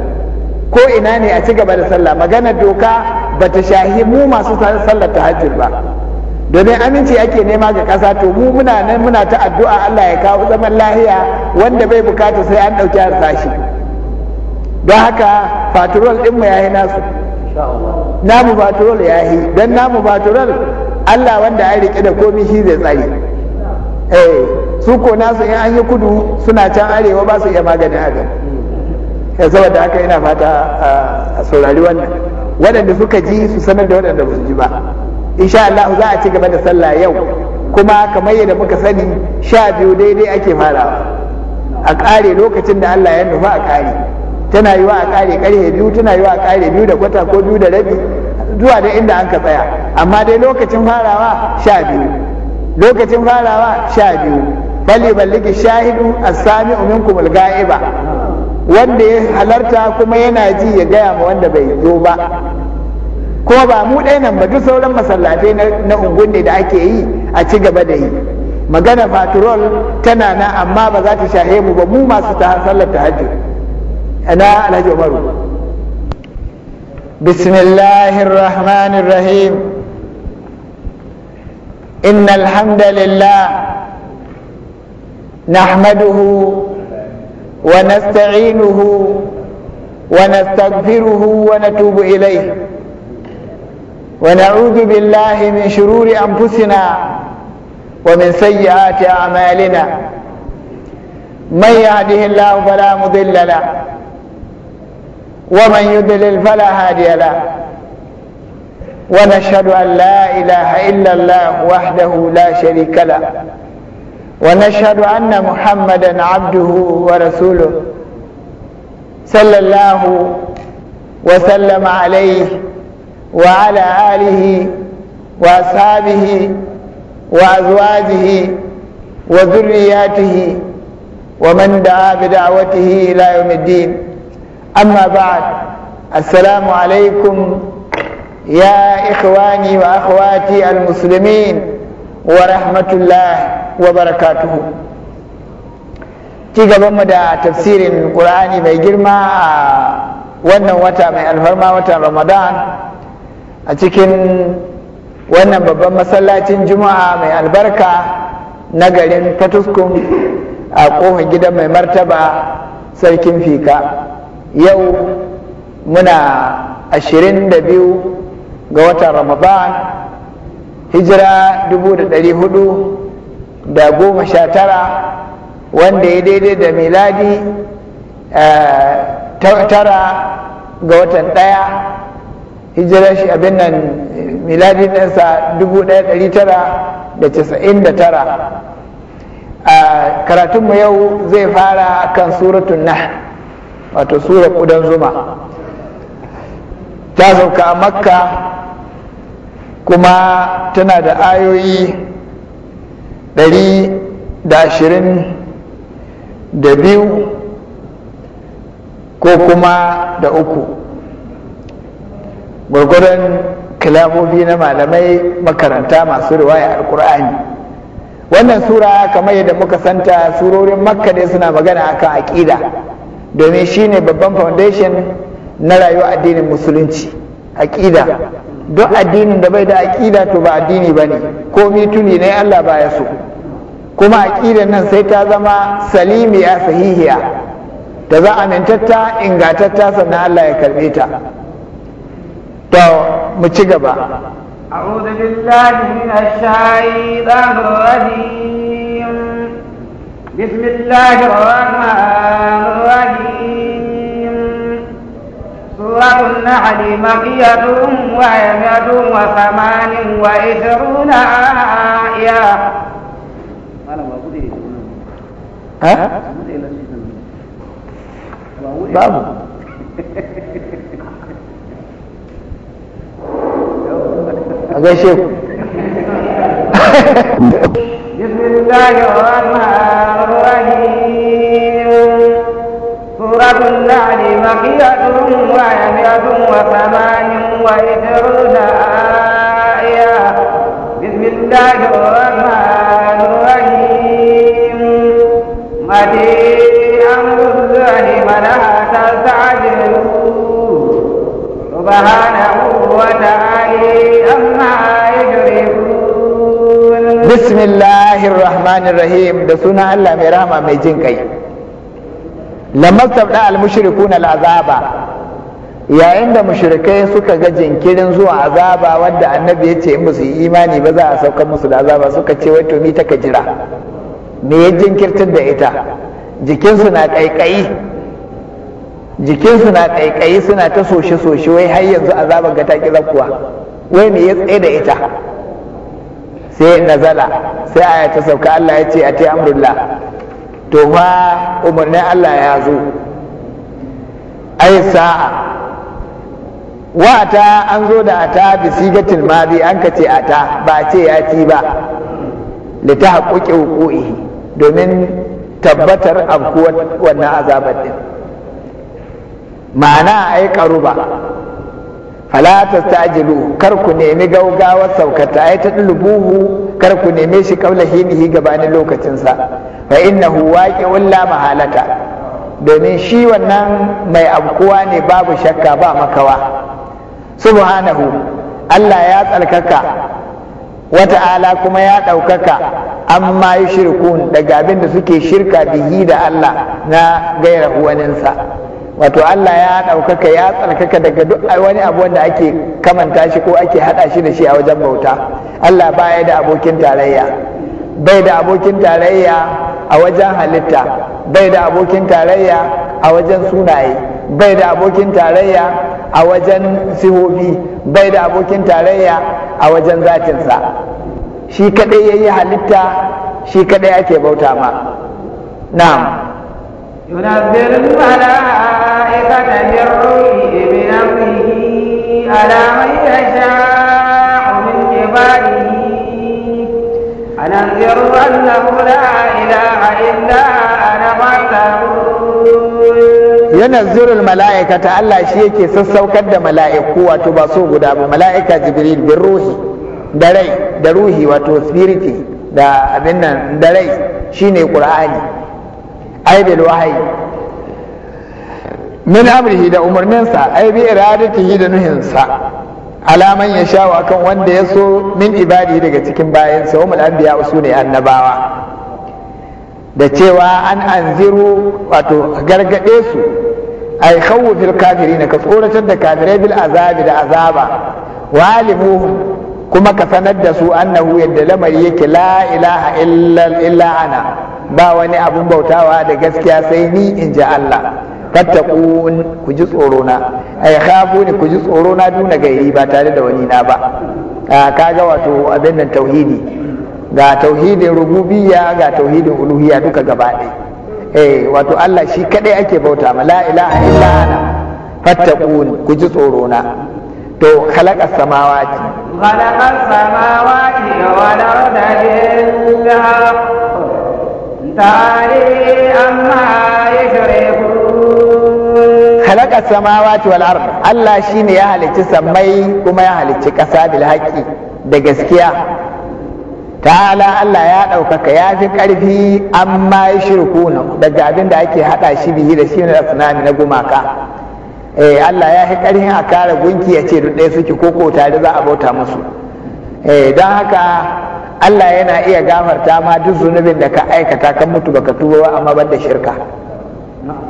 ko ina ne a ci gaba da sallah magana doka ba ta shahi mu masu sallar ta hajjir ba domin aminci ake nema ga ƙasa to mu muna nan muna ta addu'a Allah ya kawo zaman lahiya wanda bai bukata sai an ɗauki harsashi don haka faturol din ya yi nasu namu faturol ya yi don namu faturol Allah wanda ya rike da komi shi zai tsare eh su ko nasu in an yi kudu suna can arewa ba su iya a gan ya da haka ina fata a saurari wannan waɗanda suka ji su sanar da waɗanda ba su ji ba insha Allah za a ci gaba da sallah yau kuma kamar yadda muka sani sha biyu daidai ake farawa a ƙare lokacin da Allah ya nufa a ƙare tana yi wa a ƙare ƙarfe biyu tana yi wa a ƙare biyu da kwata ko biyu da rabi zuwa da inda an ka tsaya amma dai lokacin farawa sha biyu lokacin farawa sha biyu bali liki shahidu a minkum al-ga'iba wanda ya halarta kuma yana ji ya gaya ma wanda bai zo ba ko ba mu ɗaya nan ba duk sauran masallatai na ungunne da ake yi a ci gaba da yi magana patrol tana na amma ba za ta shahe mu ba mu masu ta sallar tahajjud ana alhaji umaru bismillahir rahmanir rahim innal hamdalillah نحمده ونستعينه ونستغفره ونتوب إليه ونعوذ بالله من شرور أنفسنا ومن سيئات أعمالنا من يهده الله فلا مضل له ومن يضلل فلا هادي له ونشهد أن لا إله إلا الله وحده لا شريك له ونشهد أن محمدا عبده ورسوله صلى الله وسلم عليه وعلى آله وأصحابه وأزواجه وذرياته ومن دعا بدعوته إلى يوم الدين أما بعد السلام عليكم يا إخواني وأخواتي المسلمين ورحمة الله وبركاته ci gabanmu da tafsirin ƙur'ani mai girma a wannan wata mai alfarma watan ramadan a cikin wannan babban masallacin juma'a mai albarka na garin fatuskun a ƙofar gidan mai martaba sarkin fika yau muna ashirin da biyu ga watan ramadan hijira dubu da ɗari hudu da goma sha tara wanda ya daidai da miladi eh, tara ga watan ɗaya hijira shi abin nan miladi ɗansa dubu ɗaya ɗari tara da casa'in da tara karatunmu yau zai fara kan suratun nah wato sura ƙudan zuma ta sauka a makka kuma tana da ayoyi 122 ko kuma da uku gwargwadon kilabobi na malamai makaranta masu riwaya alkur'ani wannan sura kamar yadda muka santa surorin makka dai suna magana akan aƙida domin shine babban foundation na rayuwa addinin musulunci aƙida Don addinin da bai da aƙida to ba addini ba ne komi tuni ne Allah ba ya so kuma aƙidan nan sai ta zama salimiya sahihiya da za a mintatta ingatatta sannan Allah ya karɓe ta to mu ci gaba
أعوذ بالله من الشيطان الرجيم بسم الله الرحمن الرحيم سورة النحل مكية ومئة وثمان وعشرون آية
ها؟ babu a gaishe ku
بسم الله الرحمن الرحيم سورة النعل وثمان آية بسم الله الرحمن الرحيم متي أمر الله فلا تستعجلوه سبحانه وتعالى أما
بسم الله الرحمن الرحيم lamar tabda al mushrikuna al azaba yayin da mushrikai suka ga jinkirin zuwa azaba wadda annabi ya ce in musu imani ba za a sauka musu da azaba suka ce wato ni ta jira me ya jinkirtar da ita jikinsu na kaikayi jikinsu na kaikayi suna ta soshe soshe wai har yanzu azaban ga ta ki kuwa wai me ya tsaye da ita sai nazala sai aya ta sauka Allah ya ce a ta amrullah to fa umarnin Allah ya zo ai sa'a wata an zo da ata bi sigatil madi an ka ce ata ba ce ya ci ba da ta haƙoƙi domin tabbatar abkuwar wannan azabar din ma'ana ai Falatas fala tastajilu kar ku nemi gaugawa saukata ai ta dulubuhu kar ku neme shi kaula hinihi gabanin lokacinsa fa innahu waqi'un la mahalata domin shi wannan mai abkuwa ne babu shakka ba makawa subhanahu Allah ya tsarkaka wata'ala kuma ya ɗaukaka amma yi shirkun daga abin da suke shirka bihi da Allah na gaira sa, wato Allah ya ɗaukaka ya tsarkaka daga duk wani abu wanda ake kamanta shi ko ake haɗa shi da shi a wajen bauta Allah baya da abokin tarayya bai da abokin tarayya a wajen halitta bai da abokin tarayya a wajen sunaye bai da abokin tarayya a wajen sihobi bai da abokin tarayya a wajen zatinsa shi kadai ya yi halitta shi kadai ake bauta ma na'am
ينزل الملائكة بالروح من أمره على من يشاء من عباده أنذر أنه لا
إله mala'ika ta Allah shi yake sassaukar da mala'iku wato ba so guda ba mala'ika jibril bin ruhi da rai da ruhi wato spiriti da abin nan da rai shine ƙur'ani. aibil wahayi min amrihi da umarninsa ai bi iradatihi da nuhinsa alaman ya sha wanda ya so min ibadi daga cikin bayansa wa mul anbiya ne annabawa da cewa an anziru wato gargaɗe su ai fil kafirina ka tsoratar da kafirai bil azabi da azaba walimu kuma ka sanar da su annahu yadda lamari yake la ilaha illa ana ba wani abun bautawa da gaskiya sai ni in ji Allah fattaqun ku ji tsoro ai khafu ni ku ji tsoro na duna gairi ba tare da wani na ba ah, kaga wato abin nan tauhidi ga tauhidin rububiyya ga tauhidin uluhiyya duka gaba ɗaya eh wato Allah shi kadai ake bauta ma la ilaha illa ana fattaqun ku ji tsoro na to khalaqa samawati khalaqa samawati wal arda bil
tari amma yushrikun
khalaqa samawati wal arda Allah shine ya halicci sammai kuma ya halicci ƙasa bil haqi da gaskiya ta'ala Allah ya ɗaukaka ya fi ƙarfi amma ya shirku daga abin da ake haɗa shi biyu da shi ne tsunami na gumaka eh Allah ya fi ƙarfin a kare gunki ya ce ɗaya suke koko tare za a bauta musu eh don haka Allah yana iya gafarta ma duk zunubin da ka aikata kan mutu baka tuba ba amma ban da shirka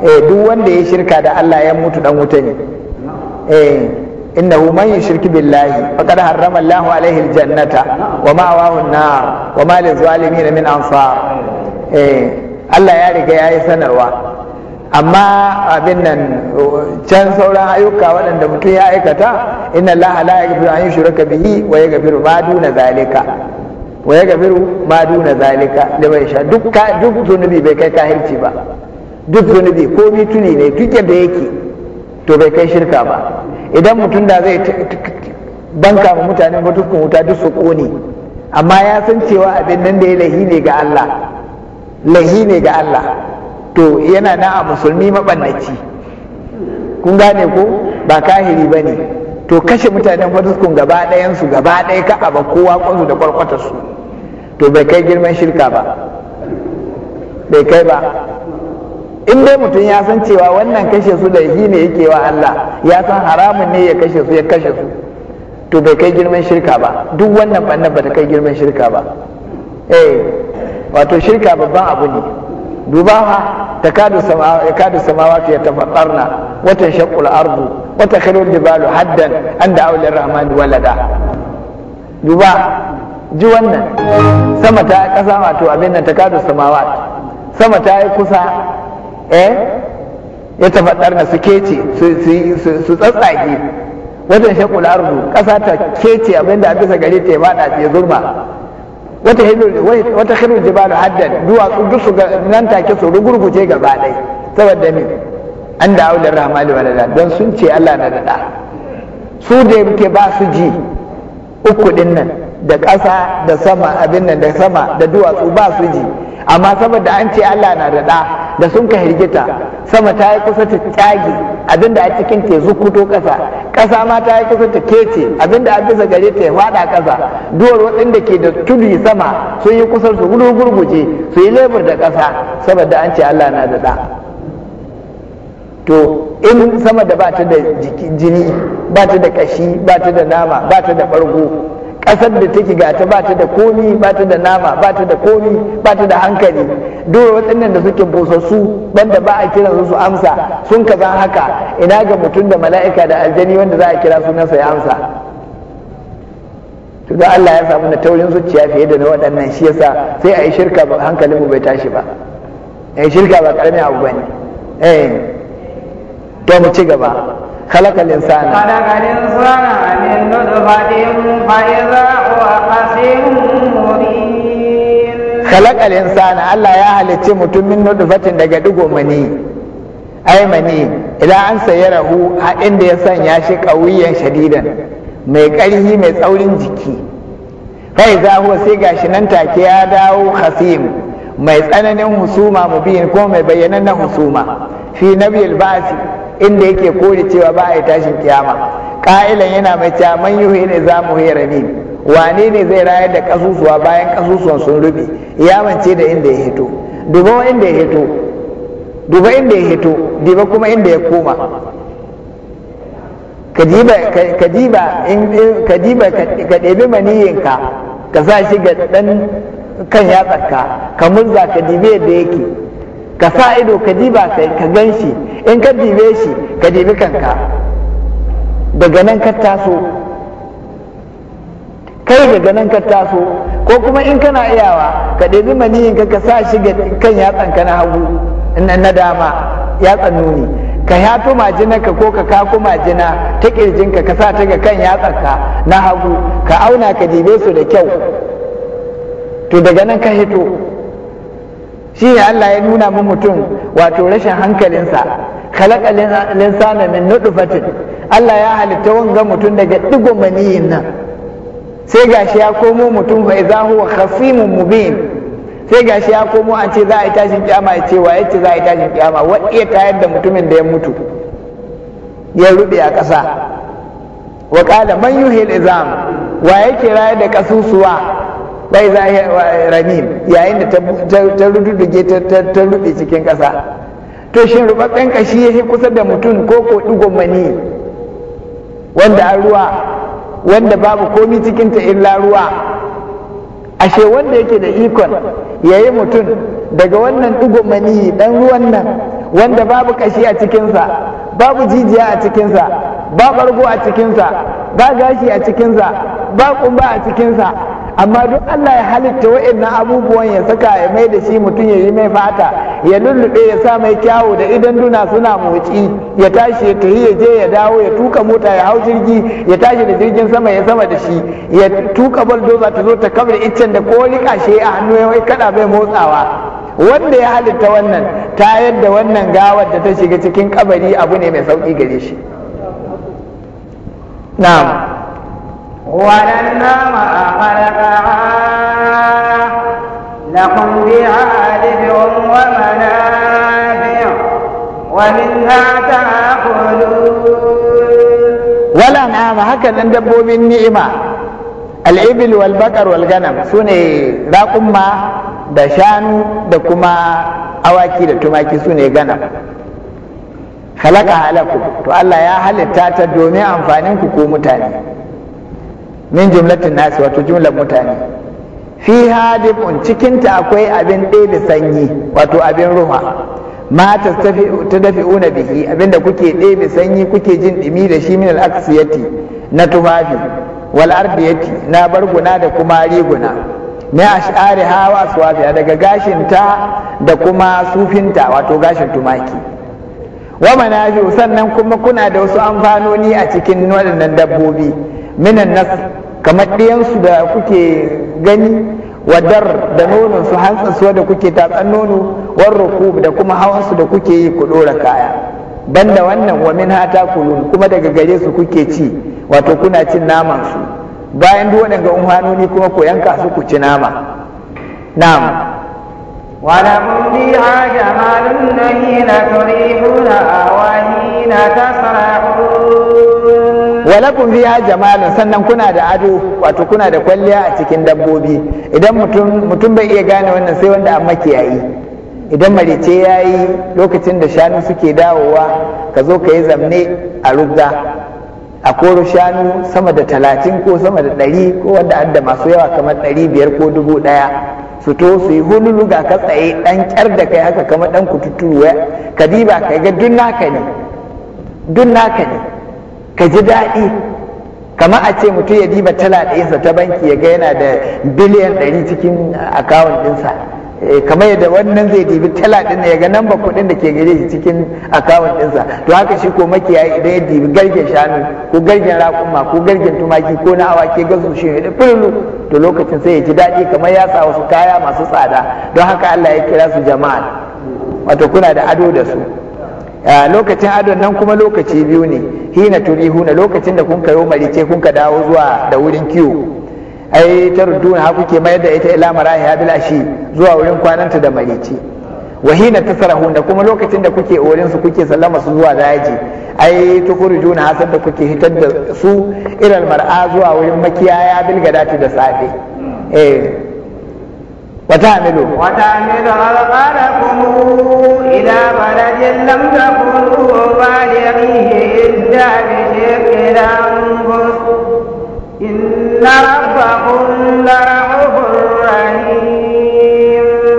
eh duk wanda ya shirka da Allah ya mutu dan wuta ne eh Inna innahu man shirki billahi faqad harrama Allahu alaihi aljannata wa ma'awahu an-nar wa ma lizalimin min ansar eh Allah ya riga yayi sanarwa amma abin nan can sauran ayyuka waɗanda mutum ya aikata inna Allah la yaghfiru an yushraka bihi wa yaghfiru ma duna zalika wa yaghfiru ma duna zalika duk duk zunubi bai kai kahirci ba duk zunubi ko mituni ne duk da yake to bai kai shirka ba idan mutum da zai banka ma mutanen batuskun wuta duk su ƙone amma ya san cewa abin nan da ya lahi ne ga Allah lahi ne ga Allah to yana na a musulmi mabannaci kun gane ko ba kahiri ba ne to kashe mutanen batuskun gaba ɗayansu gaba ɗaya ka ba kowa kwansu da kwarkwatarsu to bai kai girman shirka ba bai kai ba in dai mutum ya san cewa wannan kashe su laifi ne yake wa Allah ya san haramun ne ya kashe su ya kashe su to bai kai girman shirka ba duk wannan fannin ba ta kai girman shirka ba eh wato shirka babban abu ne duba ha takadu samawa yakadu ya yatafattarna wa tanshaqqul ardu wa takhirul jibalu haddan anda awli rahman walada duba ji wannan sama ta kasa wato abin nan takadu samawati sama ta yi kusa eh ya tafaddar na su kece su tsatsage wajen shakul arzu kasa ta kece abinda a bisa gari ta ya bada ya zurma wata hilu wata hilu jibalu haddan duwatsu duk su nan take su rugurguje gaba ɗaya saboda ni, an da aular rahmani walada don sun ce Allah na daɗa su da yake ba su ji uku ɗin nan da ƙasa da sama abin nan da sama da duwatsu ba su ji amma saboda an ce Allah na daɗa da sun ka hirgita sama ta yi kusa ta tage abinda a cikin te zukuto ƙasa ƙasa ma ta yi kusa ta kece abinda a bisa gare ta faɗa ƙasa duwar waɗanda ke da tudu sama sun yi kusa su gurguje su yi lebur da ƙasa saboda an ce Allah na da to in sama da ba ta da jini ba ta da ƙashi ba ta da nama ba ta da ɓargo ƙasar da take gata ba ta da komi ba ta da nama ba ta da komi ba ta da hankali duk waɗannan da suke busassu banda ba a kiransu su amsa sun kaza haka ina ga mutum da mala'ika da aljani wanda za a kira sunansa ya amsa to da Allah ya samu na taurin zuciya fiye da na waɗannan shi yasa sai a yi shirka ba hankalin mu bai tashi ba a yi shirka ba ƙaramin abu bane eh to mu ci gaba kala sana, Allah ya halicci mutumin min nutfatin daga digo mani ai mani idan an sayara rahu a inda ya sanya shi kawiyan shadidan mai karfi mai tsaurin jiki kai za huwa sai gashi nan take ya dawo khasim mai tsananin husuma mubin ko mai bayyanannen husuma fi nabiyil ba'si inda yake kore cewa ba a yi tashin kiyama ƙa'ilan yana mai cewa man yuhi ne za mu hira ne wane ne zai rayar da kasusuwa bayan kasusuwan sun rubi? ya mance da inda ya hito duba inda ya hito duba inda ya hito duba kuma inda ya koma kadiba ka ɗebi maniyinka ka sa shi ga ɗan kan yatsarka ka murza ka dibe da yake ka sa ido ka diba ka gan shi in ka dibe shi ka dibi kanka daga nan ka taso kai daga nan ka taso ko kuma in kana iyawa ka ɗebi maniyin ka sa shi ga kan yatsan ka na hagu na dama yatsan nuni ka yato majinarka ko ka kako majina ta ƙirjinka ka sa ta ga kan yatsanka na hagu ka auna ka dibe su da kyau to daga nan ka hito shi ne Allah ya nuna min mutum wato rashin hankalinsa khalaqa linsana min nutfatin Allah ya halitta wanga mutum daga digon maniyin nan sai gashi ya komo mutum fa idza huwa khasimun mubin sai gashi ya komo an ce za a yi tashin kiyama ya ce ya ce za a yi tashin kiyama wa iya tayar da mutumin da ya mutu ya rube a ƙasa wa qala man yuhil izam wa yake rayar da kasusuwa bai a ramin yayin da ta rududuge ta rube cikin ƙasa to shin rubaben kashi ya kusa da mutum ko ko digon mani wanda an ruwa wanda babu komi cikin illa ruwa ashe wanda yake da ikon yayi mutum daga wannan digon mani dan ruwan nan wanda babu kashi a cikinsa babu jijiya a cikinsa ba bargo a cikinsa ba gashi a cikinsa ba kumba a cikinsa amma duk Allah ya halitta wa'annan abubuwan ya saka ya mai da shi mutum ya yi mai fata ya lullube ya sa mai kyawu da idan duna suna motsi ya tashi ya tafi ya je ya dawo ya tuka mota ya hau jirgi ya tashi da jirgin sama ya sama da shi ya tuka baldoza ta zo ta kabar iccen da ko kashe a hannu ya kada bai motsawa wanda ya halitta wannan ta yadda wannan gawar da ta shiga cikin kabari abu ne mai sauki gare shi na'am
ولنعم خلقها لكم بها دفء ومنافع ومنها تأكلون
ولنعم هكذا دبوا من الإبل والبقر والغنم سوني da shanu da kuma awaki da tumaki su ne ganam halaka halaku to Allah ya halitta ta domin amfanin ku ko mutane min jumlatin nasi wato jumlar mutane fi hadifun cikinta akwai abin ɗebe sanyi wato abin ruha ma ta dafi una bihi abinda kuke ɗebe sanyi kuke jin ɗimi da shi min al'aksiyati na tufafi wal ardiyati na barguna da kuma riguna na ash'ari hawa suwafiya daga gashinta da kuma sufinta wato gashin tumaki wa manafi sannan kuma kuna da wasu amfanoni a cikin waɗannan dabbobi minan nas kamar ɗiyansu da kuke gani wadar da nonon su hantsansu da kuke tatsan nono warruku da kuma hawansu da kuke yi ku ɗora kaya banda wannan wa min hata kulun kuma daga gare su kuke ci wato kuna cin naman su bayan duk waɗanga umhanoni kuma ku yanka su ku ci nama na'am ولكم فيها جمال نهين تريحون
أواهين تسرحون
walakun biya jamalin sannan kuna da ado wato kuna da kwalliya a cikin dabbobi idan mutum bai iya gane wannan sai wanda an makiyayi idan marice ya yi lokacin da shanu suke dawowa ka zo ka yi zamne a rugga a koro shanu sama da talatin ko sama da ɗari ko wanda da masu yawa kamar ɗari biyar ko dubu ɗaya su to su yi hululu ga ka tsaye ɗan ƙyar da kai haka kamar ɗan kututtuwa ka diba ka ga dun naka ne dun naka ne ka ji daɗi kamar a ce mutum ya diba tala ɗayansa ta banki ya ga yana da biliyan ɗari cikin akawun ɗinsa eh, kamar yadda wannan zai dibi tala ɗin ya ga namba kuɗin da ke gare shi cikin akawun ɗinsa to haka shi ko makiyayi idan ya dibi gargen shanu ko gargen raƙuma ko gargen tumaki ko na awaki ga su shi da fulu to lokacin sai ya ji daɗi kamar ya sa wasu kaya masu tsada don haka Allah ya kira su jama'a wato kuna da ado da su Ah, lokacin adon nan kuma lokaci biyu ne hina huna lokacin da kun kayo malice kun ka dawo zuwa da wurin kiwo ai rudduna ha kuke mayar da ita ila marahi ha bilashi zuwa wurin kwananta da marice wa hina huna kuma lokacin da kuke wurin su kuke sallama su zuwa daji ai tukurujuna hasan da kuke hitar da su ilal mar'a zuwa wurin makiyaya bil gadati da safe eh Wata aminu har ba da
hukumku, ina faɗa jiyyar lamsaɓu, ko ba ni da hanyoyin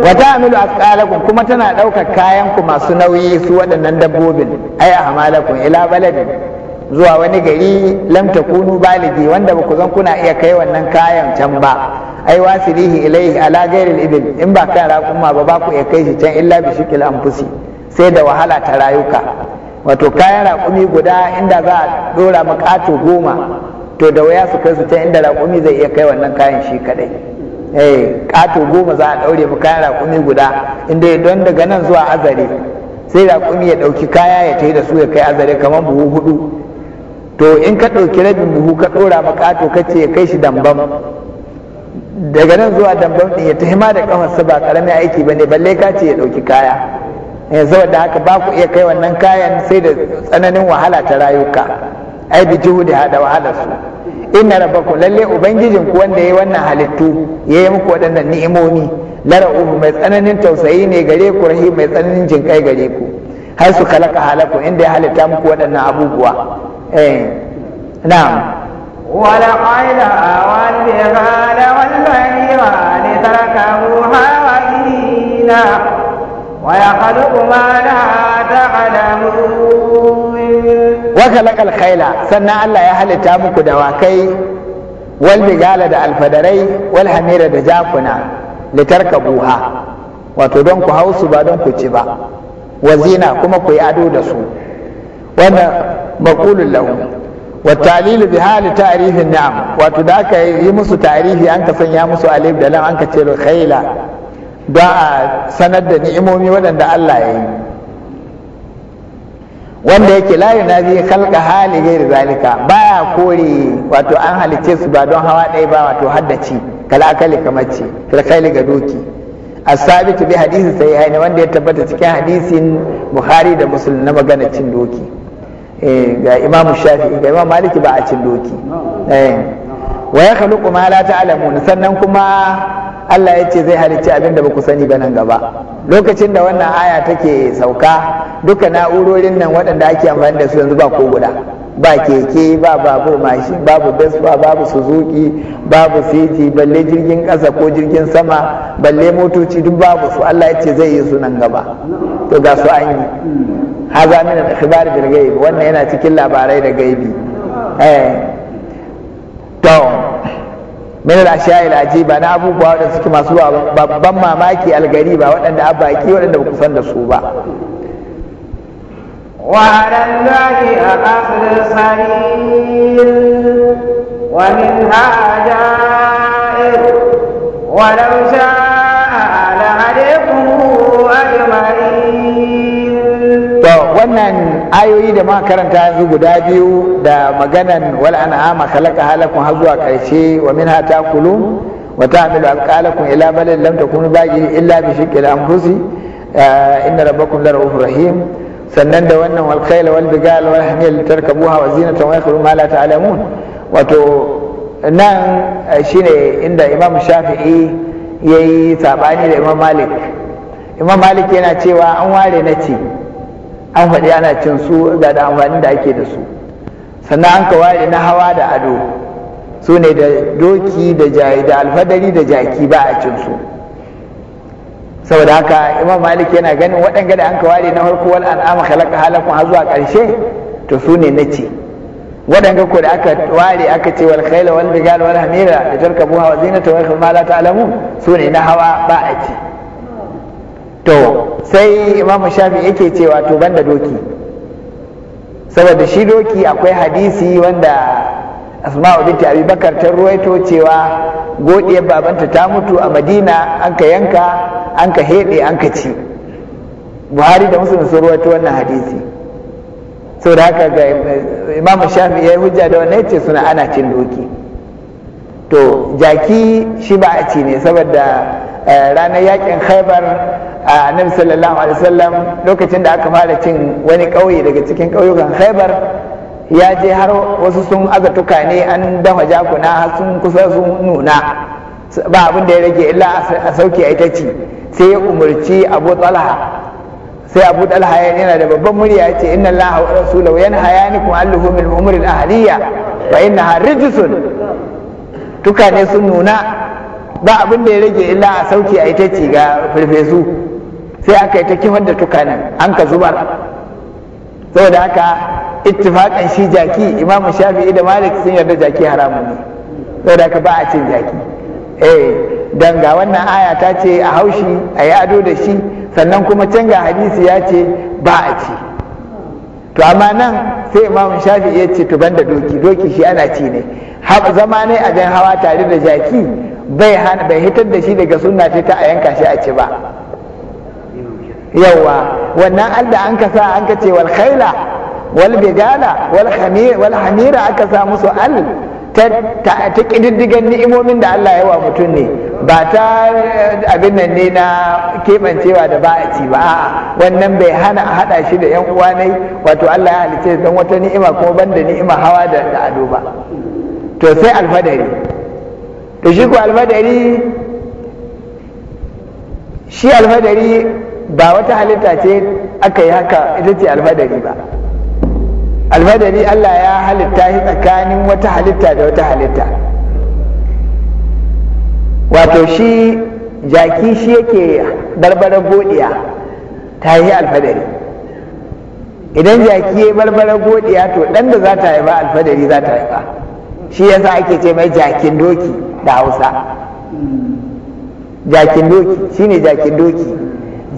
Wata aminu a sukali kuma tana ɗaukar kayanku masu nauyi su waɗannan dabbobin, aya kama da ila bala zuwa wani gari lam takunu baligi wanda ba ku zan kuna iya kai wannan kayan can ba ai wasilihi ilaihi ala al ibil in ba kan raƙuma ba ba ku iya kai shi can illa bi shikil anfusi sai da wahala ta rayuka wato kayan raƙumi guda inda za a dora makato goma to da waya su kai su can inda raƙumi zai iya kai wannan kayan shi kadai eh kato goma za a daure mu kayan raƙumi guda inda don daga nan zuwa azare sai raƙumi ya ɗauki kaya ya tai da su ya kai azare kamar buhu hudu to in ka ɗauki rabin buhu ka ɗora makato ka ce kai shi dambam daga nan zuwa dambam ɗin ya tahima da kafarsa ba ƙaramin aiki ba ne balle ka ce ya ɗauki kaya eh, da haka ba ku iya kai wannan kayan sai da tsananin wahala ta rayuka ai bi jihu da hada In su inna rabbakum lalle ubangijin ku wanda yayi wannan halittu ya yi muku waɗannan ni'imomi lara ubu mai tsananin tausayi ne gare ku rahim mai tsananin jinkai gare ku har su kalaka halaku inda ya halitta muku waɗannan abubuwa eh na'am
ولقد أوى الجبال والبنيران تركبوها وكينا ويخلق ما لا تعلمون
وخلق الخيل سنة الله يهل تامك دواكي والبقالة دا الفدري والحميرة دا جافنا لتركبوها وتدنك هوس بعدنك تبا وزينة كما كي أدو دسو وانا مقول له والتعليل ta'lil bi النعم ta'rifin ni'am wato da aka yi musu tarihi an ka sanya musu alif da lam an ka da ni'imomi waɗanda Allah ya wanda yake la zai kalka hali da zalika baya kore wato an halice su ba don hawa ɗaya ba wato haddaci kala akali kamar ce kalkali ga doki a asabitu bi hadisi sai haini wanda ya tabbata cikin hadisin buhari da musulun na magana cin doki Eh, ga imamu shafi ga imamu maliki ba a cin doki eh. wa ya kuma ma la ta'lamun sannan kuma Allah ya ce zai halicci abin da ba ku sani ba nan gaba lokacin da wannan aya take sauka duka na'urorin nan waɗanda ake amfani da su yanzu ba ko guda ba keke ba babur mashin babu bespa babu suzuki babu fiji balle jirgin ƙasa ko jirgin sama balle motoci duk babu su Allah ya ce zai yi su nan gaba to ga su an
yi
haza mina da ikhbar bil gaibi wannan yana cikin labarai da gaibi eh to min al ajiba na abubuwa da suke masu babban mamaki algari ba waɗanda abaki waɗanda ba ku san da su ba
وعلى الله أخذ السبيل ومنها جائر ولو شاء لهديكم أجمعين
wannan ayoyi da muka karanta yanzu guda biyu da maganan wal an'ama khalaqa halakum har zuwa karshe wa minha takulun wa ta'milu alqalakum ila balad lam takunu baghi illa bi shiqqi al-anfusi ah, inna rabbakum la rahim sannan da wannan walkaila khayla wal bigal wal hamil tarkabuha wa zinatan wa yakhlu ma la ta'lamun wato nan eh, shine inda imam shafi'i ya yi sabani da imam malik imam malik yana cewa an ware na ce an faɗi ana cin su ga da amfanin da ake da su sannan an ka ware na hawa da ado su ne da doki da alfadari da jaki ba a cin su saboda haka imam malik yana ganin waɗanga da an ware na farko wal an'ama khalaqa halakum har zuwa ƙarshe to su ne nace waɗanga ko da aka ware aka ce wal khayla wal bigal wal hamira da buha wa zinata wa khama la alamu? su ne na hawa ba a ce to sai imam shafi yake cewa to banda doki saboda shi doki akwai hadisi wanda asma'u binti abubakar ta ruwaito cewa godiyar babanta ta mutu a madina an ka yanka an ka heɗe an ka ci buhari da musulun sun ruwaito wannan hadisi sau da haka ga imam shafi ya yi hujja da wannan yace suna ana cin doki to jaki shi ba a ci ne saboda eh, ranar yakin khaibar a annabi sallallahu alaihi wasallam lokacin da aka fara cin wani ƙauye daga cikin ƙauyukan khaibar ya je har wasu sun aza tukane an dafa jakuna har sun kusa sun nuna ba abin da ya rage illa a sauke a ita ce sai ya umarci abu talha sai abu talha yana da babban murya ce inna allaha wa rasulahu yanha yanikum an luhumil umri al ahliya fa innaha tuka tukane sun nuna ba abin da ya rage illa a sauke a ita ce ga farfesu sai aka yi ta kifar da nan an ka zubar saboda haka ittifakan shi jaki imamu shafi'i da malik sun yarda jaki haramun ne saboda ka ba a cin jaki eh dan ga wannan aya ta ce a haushi a yi ado da shi sannan kuma can ga hadisi ya ce ba a ci to amma nan sai imamu shafi'i ya ce to banda doki doki shi ana ci ne zama ne a jan hawa tare da jaki bai bai hitar da shi daga sunna ta a yanka shi a ci ba Yawwa wannan allah an ka sa an ka ce wal khaila wal walhamira aka sa musu al ta ƙididdigan ni'imomin da Allah ya wa mutum ne ba ta eh, abin nan ne na keɓancewa da ba a ci ba a'a wannan bai hana a haɗa shi da yan uwanai. wato Allah ya halice don wata ni'ima kuma banda ni'ima hawa da ado ba to sai alfadari to shi ko alfadari shi alfadari ba wata halitta ce aka yi haka ita ce alfadari ba almadari Allah ya halitta shi tsakanin wata halitta da wata halitta wato shi jaki shi yake barbara godiya ta yi alfadari idan jaki ya barbara godiya to ɗan da za ta yi ba alfadari za ta yi ba shi yasa ake ce mai jakin doki da hausa jakin doki shine jakin doki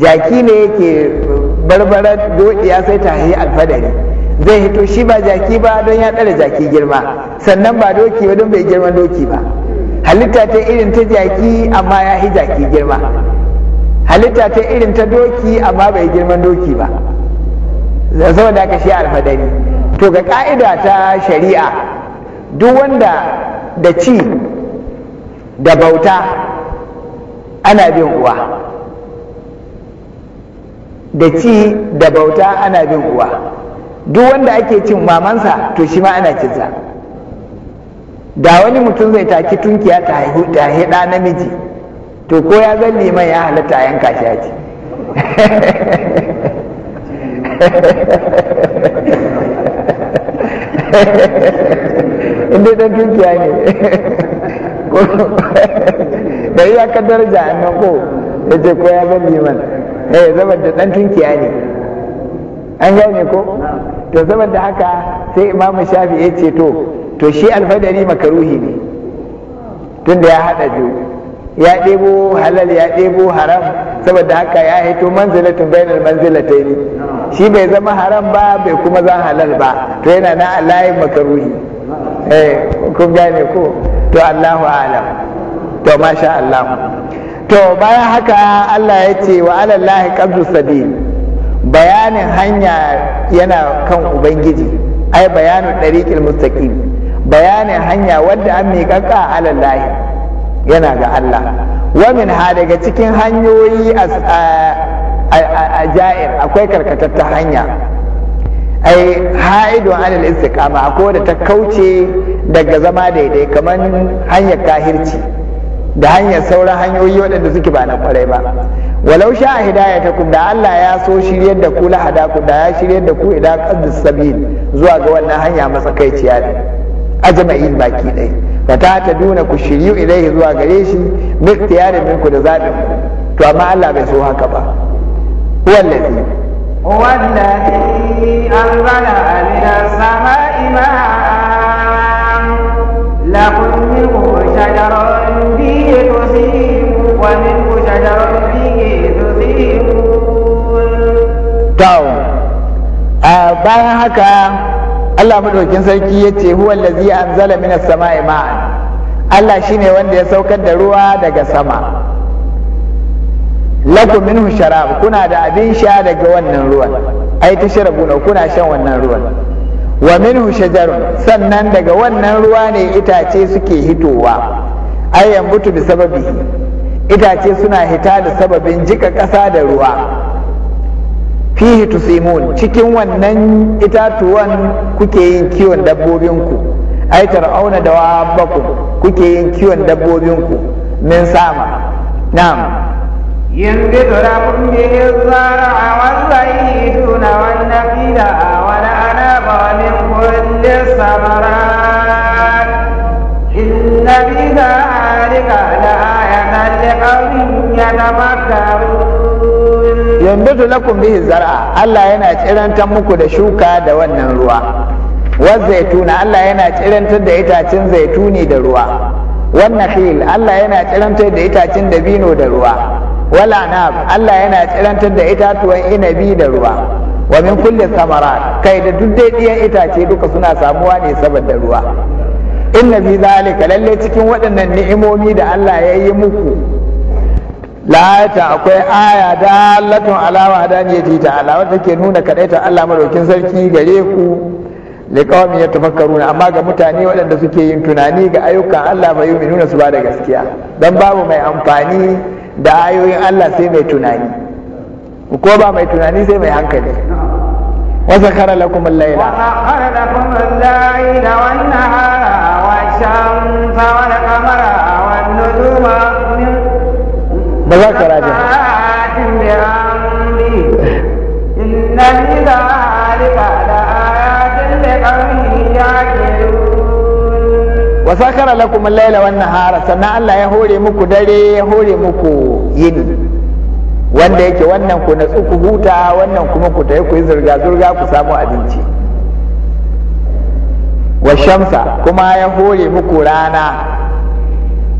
jaki ne yake barbara godiya sai ta yi alfadari zai hito shi ba jaki ba don ya ɗara jaki girma sannan ba doki ba don bai girma doki ba halitta ta irin ta jaki amma ya yi jaki girma halitta ta irin ta doki amma bai girma doki ba da aka shi alfadari to ga ka'ida ta shari'a duk wanda da ci da bauta ana bin uwa da ci da bauta ana bin uwa duk wanda ake cin mamansa to shi ma ana cinsa da wani mutum zai taki tunkiya ta haihu ta namiji to ko ya zan liman ya halatta yanka shi ya ci inda dan tunkiya ne da yi aka daraja annan ko da ce ko ya zan liman ya eh, zama da dan tunkiya ne an gane ko to saboda haka sai imamu shafi ya ce to to shi alfadari makaruhi ne tunda ya haɗa biyu ya ɗebo halal ya ɗebo haram saboda haka ya haito manzilatun bainar manzilatai ne shi bai zama haram ba bai kuma zan halal ba to yana na alayin makaruhi eh kun gane ko to Allahu alam to masha Allah to bayan haka Allah ya ce wa alallahi qabdu sabil bayanin hanya yana kan ubangiji ai bayanin ɗariƙil mustaqim bayanin hanya wadda an miƙaƙa alallahi yana ga Allah wa min ha daga cikin hanyoyi a ja'ir akwai karkatatta hanya ai haidu anil istiqama ko da ta kauce daga zama daidai kamar hanyar kahirci da hanyar sauran hanyoyi waɗanda suke ba na kwarai ba walau sha hidayatakum da Allah ya so shiryar da ku lahada ku da ya shiryar da ku idan qasdis sabil zuwa ga wannan hanya matsakaiciya ne ajma'in baki dai fa ta duna ku shiryu ilaihi zuwa gare shi bi ikhtiyarin minku da zaɓin to amma Allah bai so haka ba wallazi
wallazi anzala amina sama'i ma'an lakum min shajarin bihi tusibu wa min
a bayan haka Allah madaukin sarki ya ce huwa anzala minas sama'i ma'an Allah shine wanda ya saukar da ruwa daga sama lakum minhu sharab kuna da abin sha daga wannan ruwan ai tashrabuna kuna shan wannan ruwan wa minhu shajarun sannan daga wannan ruwa ne itace suke hitowa ai yambutu da sababi. itace suna hita da sababin jika ƙasa da ruwa fihi tusimun cikin wannan itatuwan kuke yin kiwon dabbobinku ai tar'auna da wabbaku kuke yin kiwon dabbobinku min sama na'am
yanzu turabun da ya zara a wallahi tuna wannan fila a wani ana ba wani kulle samara inna bi zalika la ayatan ya tabakaru
yanbitu lakum bihi zar'a Allah yana tsirantar muku da shuka da wannan ruwa zaituna Allah yana tsirantar da itacen zaituni da ruwa wannan fil Allah yana tsirantar da itacen dabino da ruwa wala nab Allah yana tsirantar da itatuwan inabi da ruwa wa min kulli thamarat kai da duk dai itace duka suna samuwa ne saboda ruwa inna fi zalika lalle cikin waɗannan ni'imomi da Allah ya yi muku la'ata akwai aya da dalatun alama ta ta'ala da take nuna kadaita Allah madaukin sarki gare ku liqaumin yatafakkaruna amma ga mutane waɗanda suke yin tunani ga ayyukan Allah yi nuna su ba da gaskiya dan babu mai amfani da ayoyin Allah sai mai tunani ko ba mai tunani sai mai hankali وسخر لكم الليل
وسخر لكم الليل والنهار والشمس والقمر والنجوم
ba za ka raja wa sakara lakum al-laila wan nahara sannan Allah ya hore muku dare ya hore muku yini wanda yake wannan ku natsu ku huta wannan kuma ku tayi ku yi zurga zurga ku samu abinci wa shamsa kuma ya hore muku rana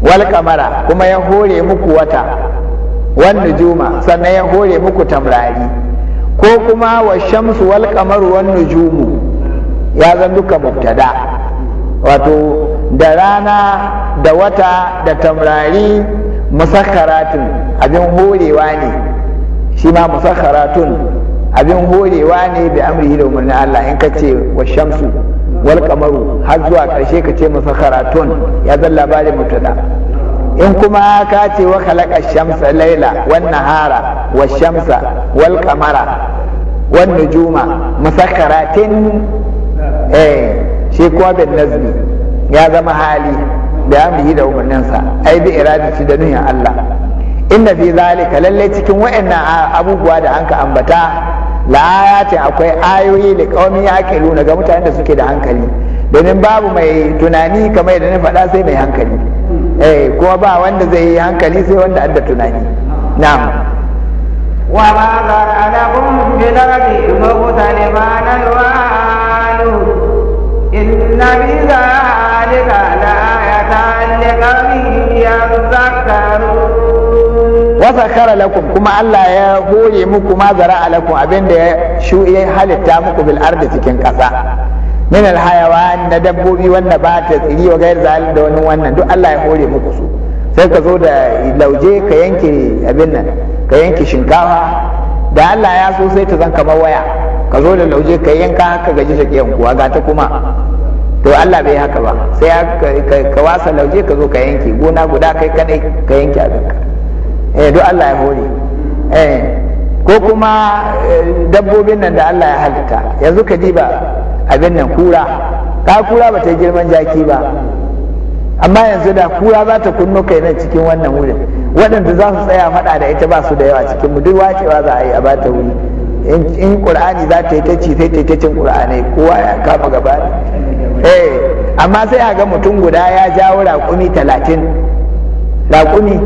wal kamara kuma ya hore muku wata wan nujuma sannan ya hore muku tamrari ko kuma wa shamsu wal kamaru wan nujumu ya zan duka mubtada wato da rana da wata da tamrari musakharatin abin horewa ne shi ma musakharatun abin horewa ne bi amrihi da umarni Allah in ka ce wa shamsu wal kamaru har zuwa karshe ka ce musakharatun ya zan labarin mubtada in kuma ka ce wa khalaqa shamsa laila wan nahara wa shamsa wal qamara wan nujuma musakkaratin eh shi kuwa bin nazmi ya zama hali da yi da sa ai bi shi da nuhin Allah inna fi zalika lalle cikin waɗannan abubuwa da anka ambata ayati akwai ayoyi da qaumi yaqiluna ga mutanen da suke da hankali domin babu mai tunani kamar da na faɗa sai mai hankali eh kuma ba wanda zai yi hankali sai wanda adda tunani na'am
wa ma zara'alakum bi darbi mukhtalifan alwanu inna bi zalika la'ayatan liqawmin zakaru. wa
zakara lakum kuma Allah ya hore muku ma zara lakum abinda ya shu'i halitta muku bil ardi cikin ƙasa min alhayawan na dabbobi wanda ba ta tsiri wa gayar zalim da wani wannan duk Allah ya hore muku su sai ka zo da lauje ka yanke abin nan ka yanke shinkafa da Allah ya so sai ta zan kamar waya ka zo da lauje ka yanka haka gaji shake yankuwa ga ta kuma to Allah bai haka ba sai ka wasa lauje ka zo ka yanke gona guda kai kadai ka yanke abinka eh duk Allah ya hore eh ko kuma eh, dabbobin nan da Allah ya halitta yanzu ka ji ba abin nan kura ka kura ba ta yi girman jaki ba amma yanzu da kura za ta kunno kai nan cikin wannan wurin waɗanda za su tsaya faɗa da ita ba su da yawa cikin mu duk wacewa za a yi a ba ta wuri in qur'ani za ta yi ta ci sai ta yi ta cin qur'anai kowa ya kama gaba eh, amma sai a ga mutum guda ya jawo raƙumi talatin raƙumi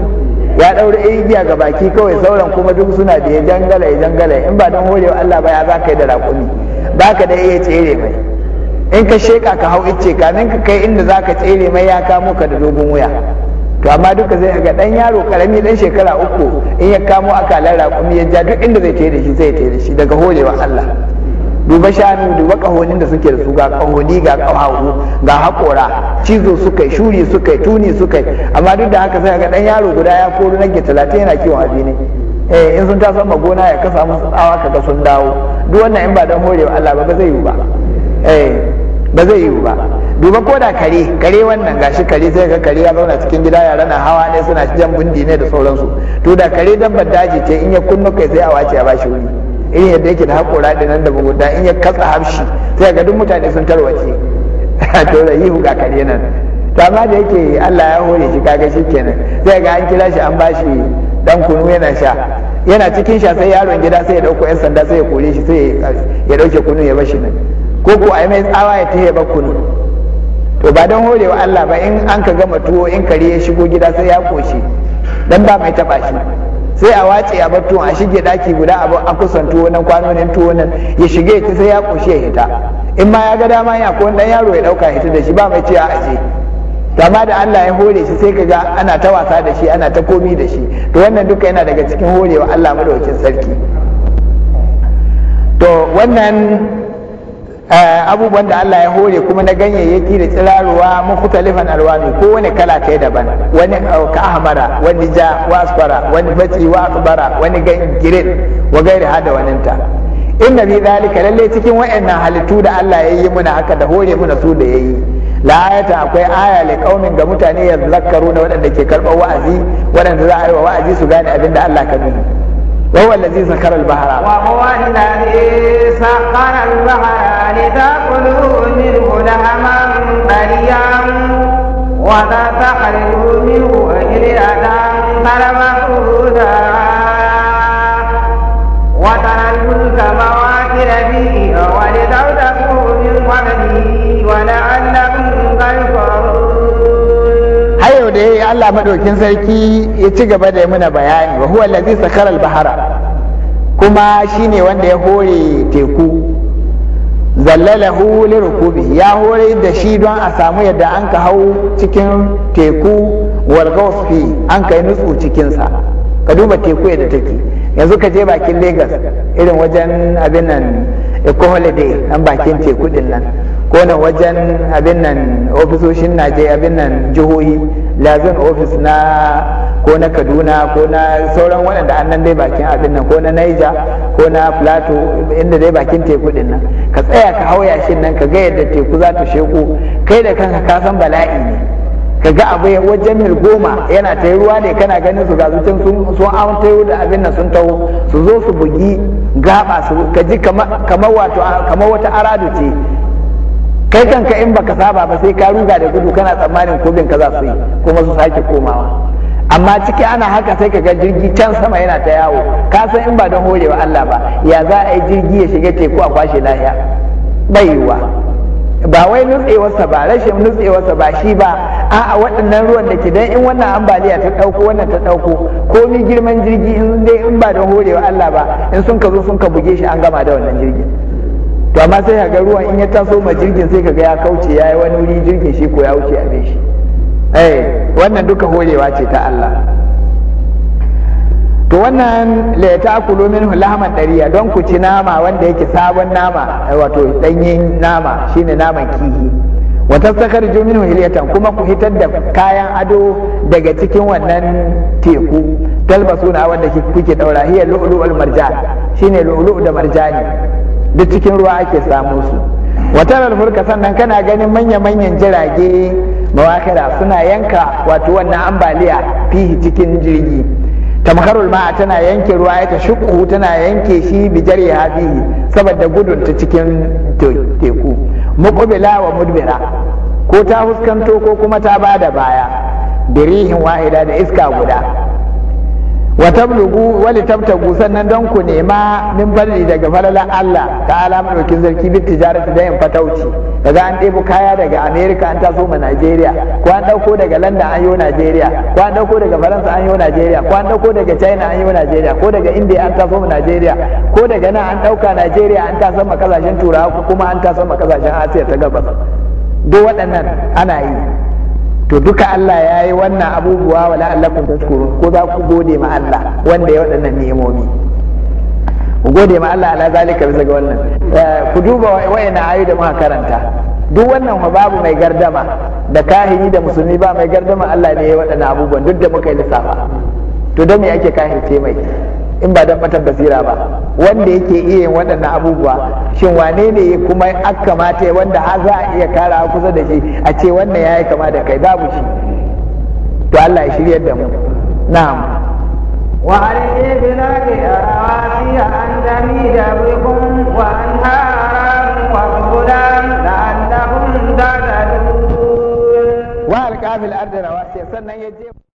ya ɗaure igiya ga baki kawai sauran kuma duk suna da ya dangala ya dangala in ba don horewa Allah ba ya za ka yi da raƙumi ba ka da iya tsere mai in ka sheka ka hau ice kamin ka kai inda za ka tsere mai ya kamo ka da dogon wuya to amma duka zai ga ɗan yaro karami dan shekara uku in ya kamo akalan raƙumi ya ja duk inda zai tsere shi zai tsere shi daga horewa Allah duba shanu duba kahonin da suke da su ga kahoni ga kahahu ga hakora cizo suka shuri suka tuni suka amma duk da haka sai ga dan yaro guda ya koro ke talatin yana kiwon abi ne eh in sun taso ma gona ya kasa musu tsawa kaga sun dawo duk wannan in ba dan wa Allah ba ba zai yi ba eh ba zai yi ba duba ko da kare kare wannan gashi kare sai ga kare ya zauna cikin gida yara na hawa ne suna jan bundi ne da sauransu to da kare dan daji ce in ya kunno kai sai a wace a bashi wuri in yadda yake da haƙora da nan da mugunta in ya katsa hafshi sai ga duk mutane sun tarwace a *laughs* da yi ga kare nan to ma da yake Allah ya hore shi kaga shi kenan sai ga an kira shi an bashi dan kunu yana sha yana cikin sha sai yaron gida sai ya dauko yan sanda sai ya kore shi sai ya dauke kunu ya bashi nan ko ko ai mai tsawa ya tahe ba kunu to ba don horewa Allah ba in an ka gama tuwo in kare ya shigo gida sai ya koshi dan ba mai taba shi sai a watse a bar tuwon a shige daki guda a kusan tuwo nan kwano nan tuwo nan ya shige ta sai ya koshi ya hita in ma ya ga dama ya ko dan yaro ya dauka hita da shi ba mai cewa a to amma da Allah ya hore shi sai kaga ana ta wasa da shi ana ta komi da shi to wannan duka yana daga cikin horewa Allah madaukakin sarki to wannan Eh, abubuwan da Allah ya hore kuma na ganyayyaki da tsirarwa mukhtalifan alwani ko wani kala ta daban wani eh, ka ahmara wani ja wa asfara wani batsi wa akbara wani girin wa gairi hada wani ta inna bi zalika lalle cikin wayannan halittu da Allah ya yi muna haka da hore muna su da yayi la ayata akwai aya le kaumin ga mutane ya zakkaru na waɗanda ke karɓar wa'azi waɗanda za a yi wa wa'azi su gane abin da Allah ka nuna وهو الذي سكر البحر وهو الذي سكر
البحر لتأكلوا منه لهما بريا وتخرجوا منه إلى أن تلمسوه
Allah madaukin sarki ya ci gaba da muna bayani wa huwa allazi sakara bahara kuma shine wanda ya hore teku zallalahu lirukubi ya hore da shi don a samu yadda an ka hau cikin teku wal fi an kai nutsu cikin sa ka duba teku yadda take yanzu ka je bakin Lagos irin wajen abin nan Eco Holiday an bakin teku din nan ko na wajen abin nan ofisoshin Najeriya abin nan jihohi lazin ofis na ko na kaduna ko na sauran waɗanda annan dai bakin abin nan ko na naija ko na plato inda dai bakin teku din nan ka tsaya ka hau yashin nan ka ga yadda teku za ta sheku kai da kanka ka san bala'i ne ka ga abu wajen mil goma yana ta ruwa ne kana ganin su gazucin sun an tayo da abin nan sun taho su zo su bugi gaba su ka ji kamar wata aradu ce kai kanka in baka saba ba sai ka ruga da gudu kana tsammanin kobin ka za su yi kuma su sake komawa amma ciki ana haka sai ka ga jirgi can sama yana ta yawo ka san in ba don horewa Allah ba ya za a yi jirgi ya shiga teku a kwashe lahiya baiwa ba wai nutsewarsa ba rashin nutsewarsa ba shi ba a'a waɗannan ruwan da ke dan in wannan ambaliya ta ɗauko wannan ta ɗauko komi girman jirgi in dai in ba don horewa Allah ba in sun ka zo sun ka buge shi an gama da wannan jirgin to amma sai ga ruwa in ya taso ma jirgin sai kaga ya kauce yayi wani wuri jirgin shi ko ya wuce abin shi eh wannan duka horewa ce ta Allah to wannan la ta'kulu min lahman dariya don ku ci nama wanda yake sabon nama eh, wato danyen nama shine naman kihi wa tastakhriju minhu hilyatan kuma ku hitar da kayan ado daga cikin wannan teku talbasuna wanda kuke daura hiya lu'lu'ul marjan shine lu'lu'u da marjani duk cikin ruwa ake samu su watarar fulka sannan kana ganin manya-manyan jirage mawakira suna yanka wato wannan ambaliya fihi cikin jirgi tamkarul ma tana yanke ruwa ya ta shuku tana yanke shi bijar ya fihi saboda gudun ta cikin teku muqbila wa mudbira ko ta fuskanto ko kuma ta bada baya birihin wahida da iska guda wa tablugu wali tabtagu sannan don ku nema min balli daga falalan Allah ta alamar dokin zarki bi tijarati da yin fatauci daga an ɗebo kaya daga America an taso ma Najeriya ko an ɗauko daga London an yo Najeriya ko an ɗauko daga Faransa an yo Najeriya ko an ɗauko daga China an yo Najeriya ko daga India an taso ma Najeriya ko daga nan an ɗauka Najeriya an taso ma kasashen Turawa kuma an taso ma kasashen Asia ta gabas duk waɗannan ana yi to duka Allah ya yi wannan abubuwa wa la'allakun tashkuru ko za ku gode ma Allah wanda ya waɗannan ni'imomi ku gode ma Allah ala zalika bisa ga wannan eh, ku duba wayannan ayu da muka karanta duk wannan ma babu mai gardama da kahiri da musulmi ba mai gardama Allah ne ya waɗannan abubuwan duk da muka yi lissafa to don me ake kahince mai in ba don batar basira ba wanda yake iya yin waɗannan abubuwa shin wane ne kuma akamata wanda har za a iya kara kusa da shi a ce wannan ya yi kama da kai babu shi to Allah ya shiryar da mu na'am wa alaihi
bi naki arawati an dami da bukun wa anharan
wa da da duk. wa alqafil ardi rawasi sannan je.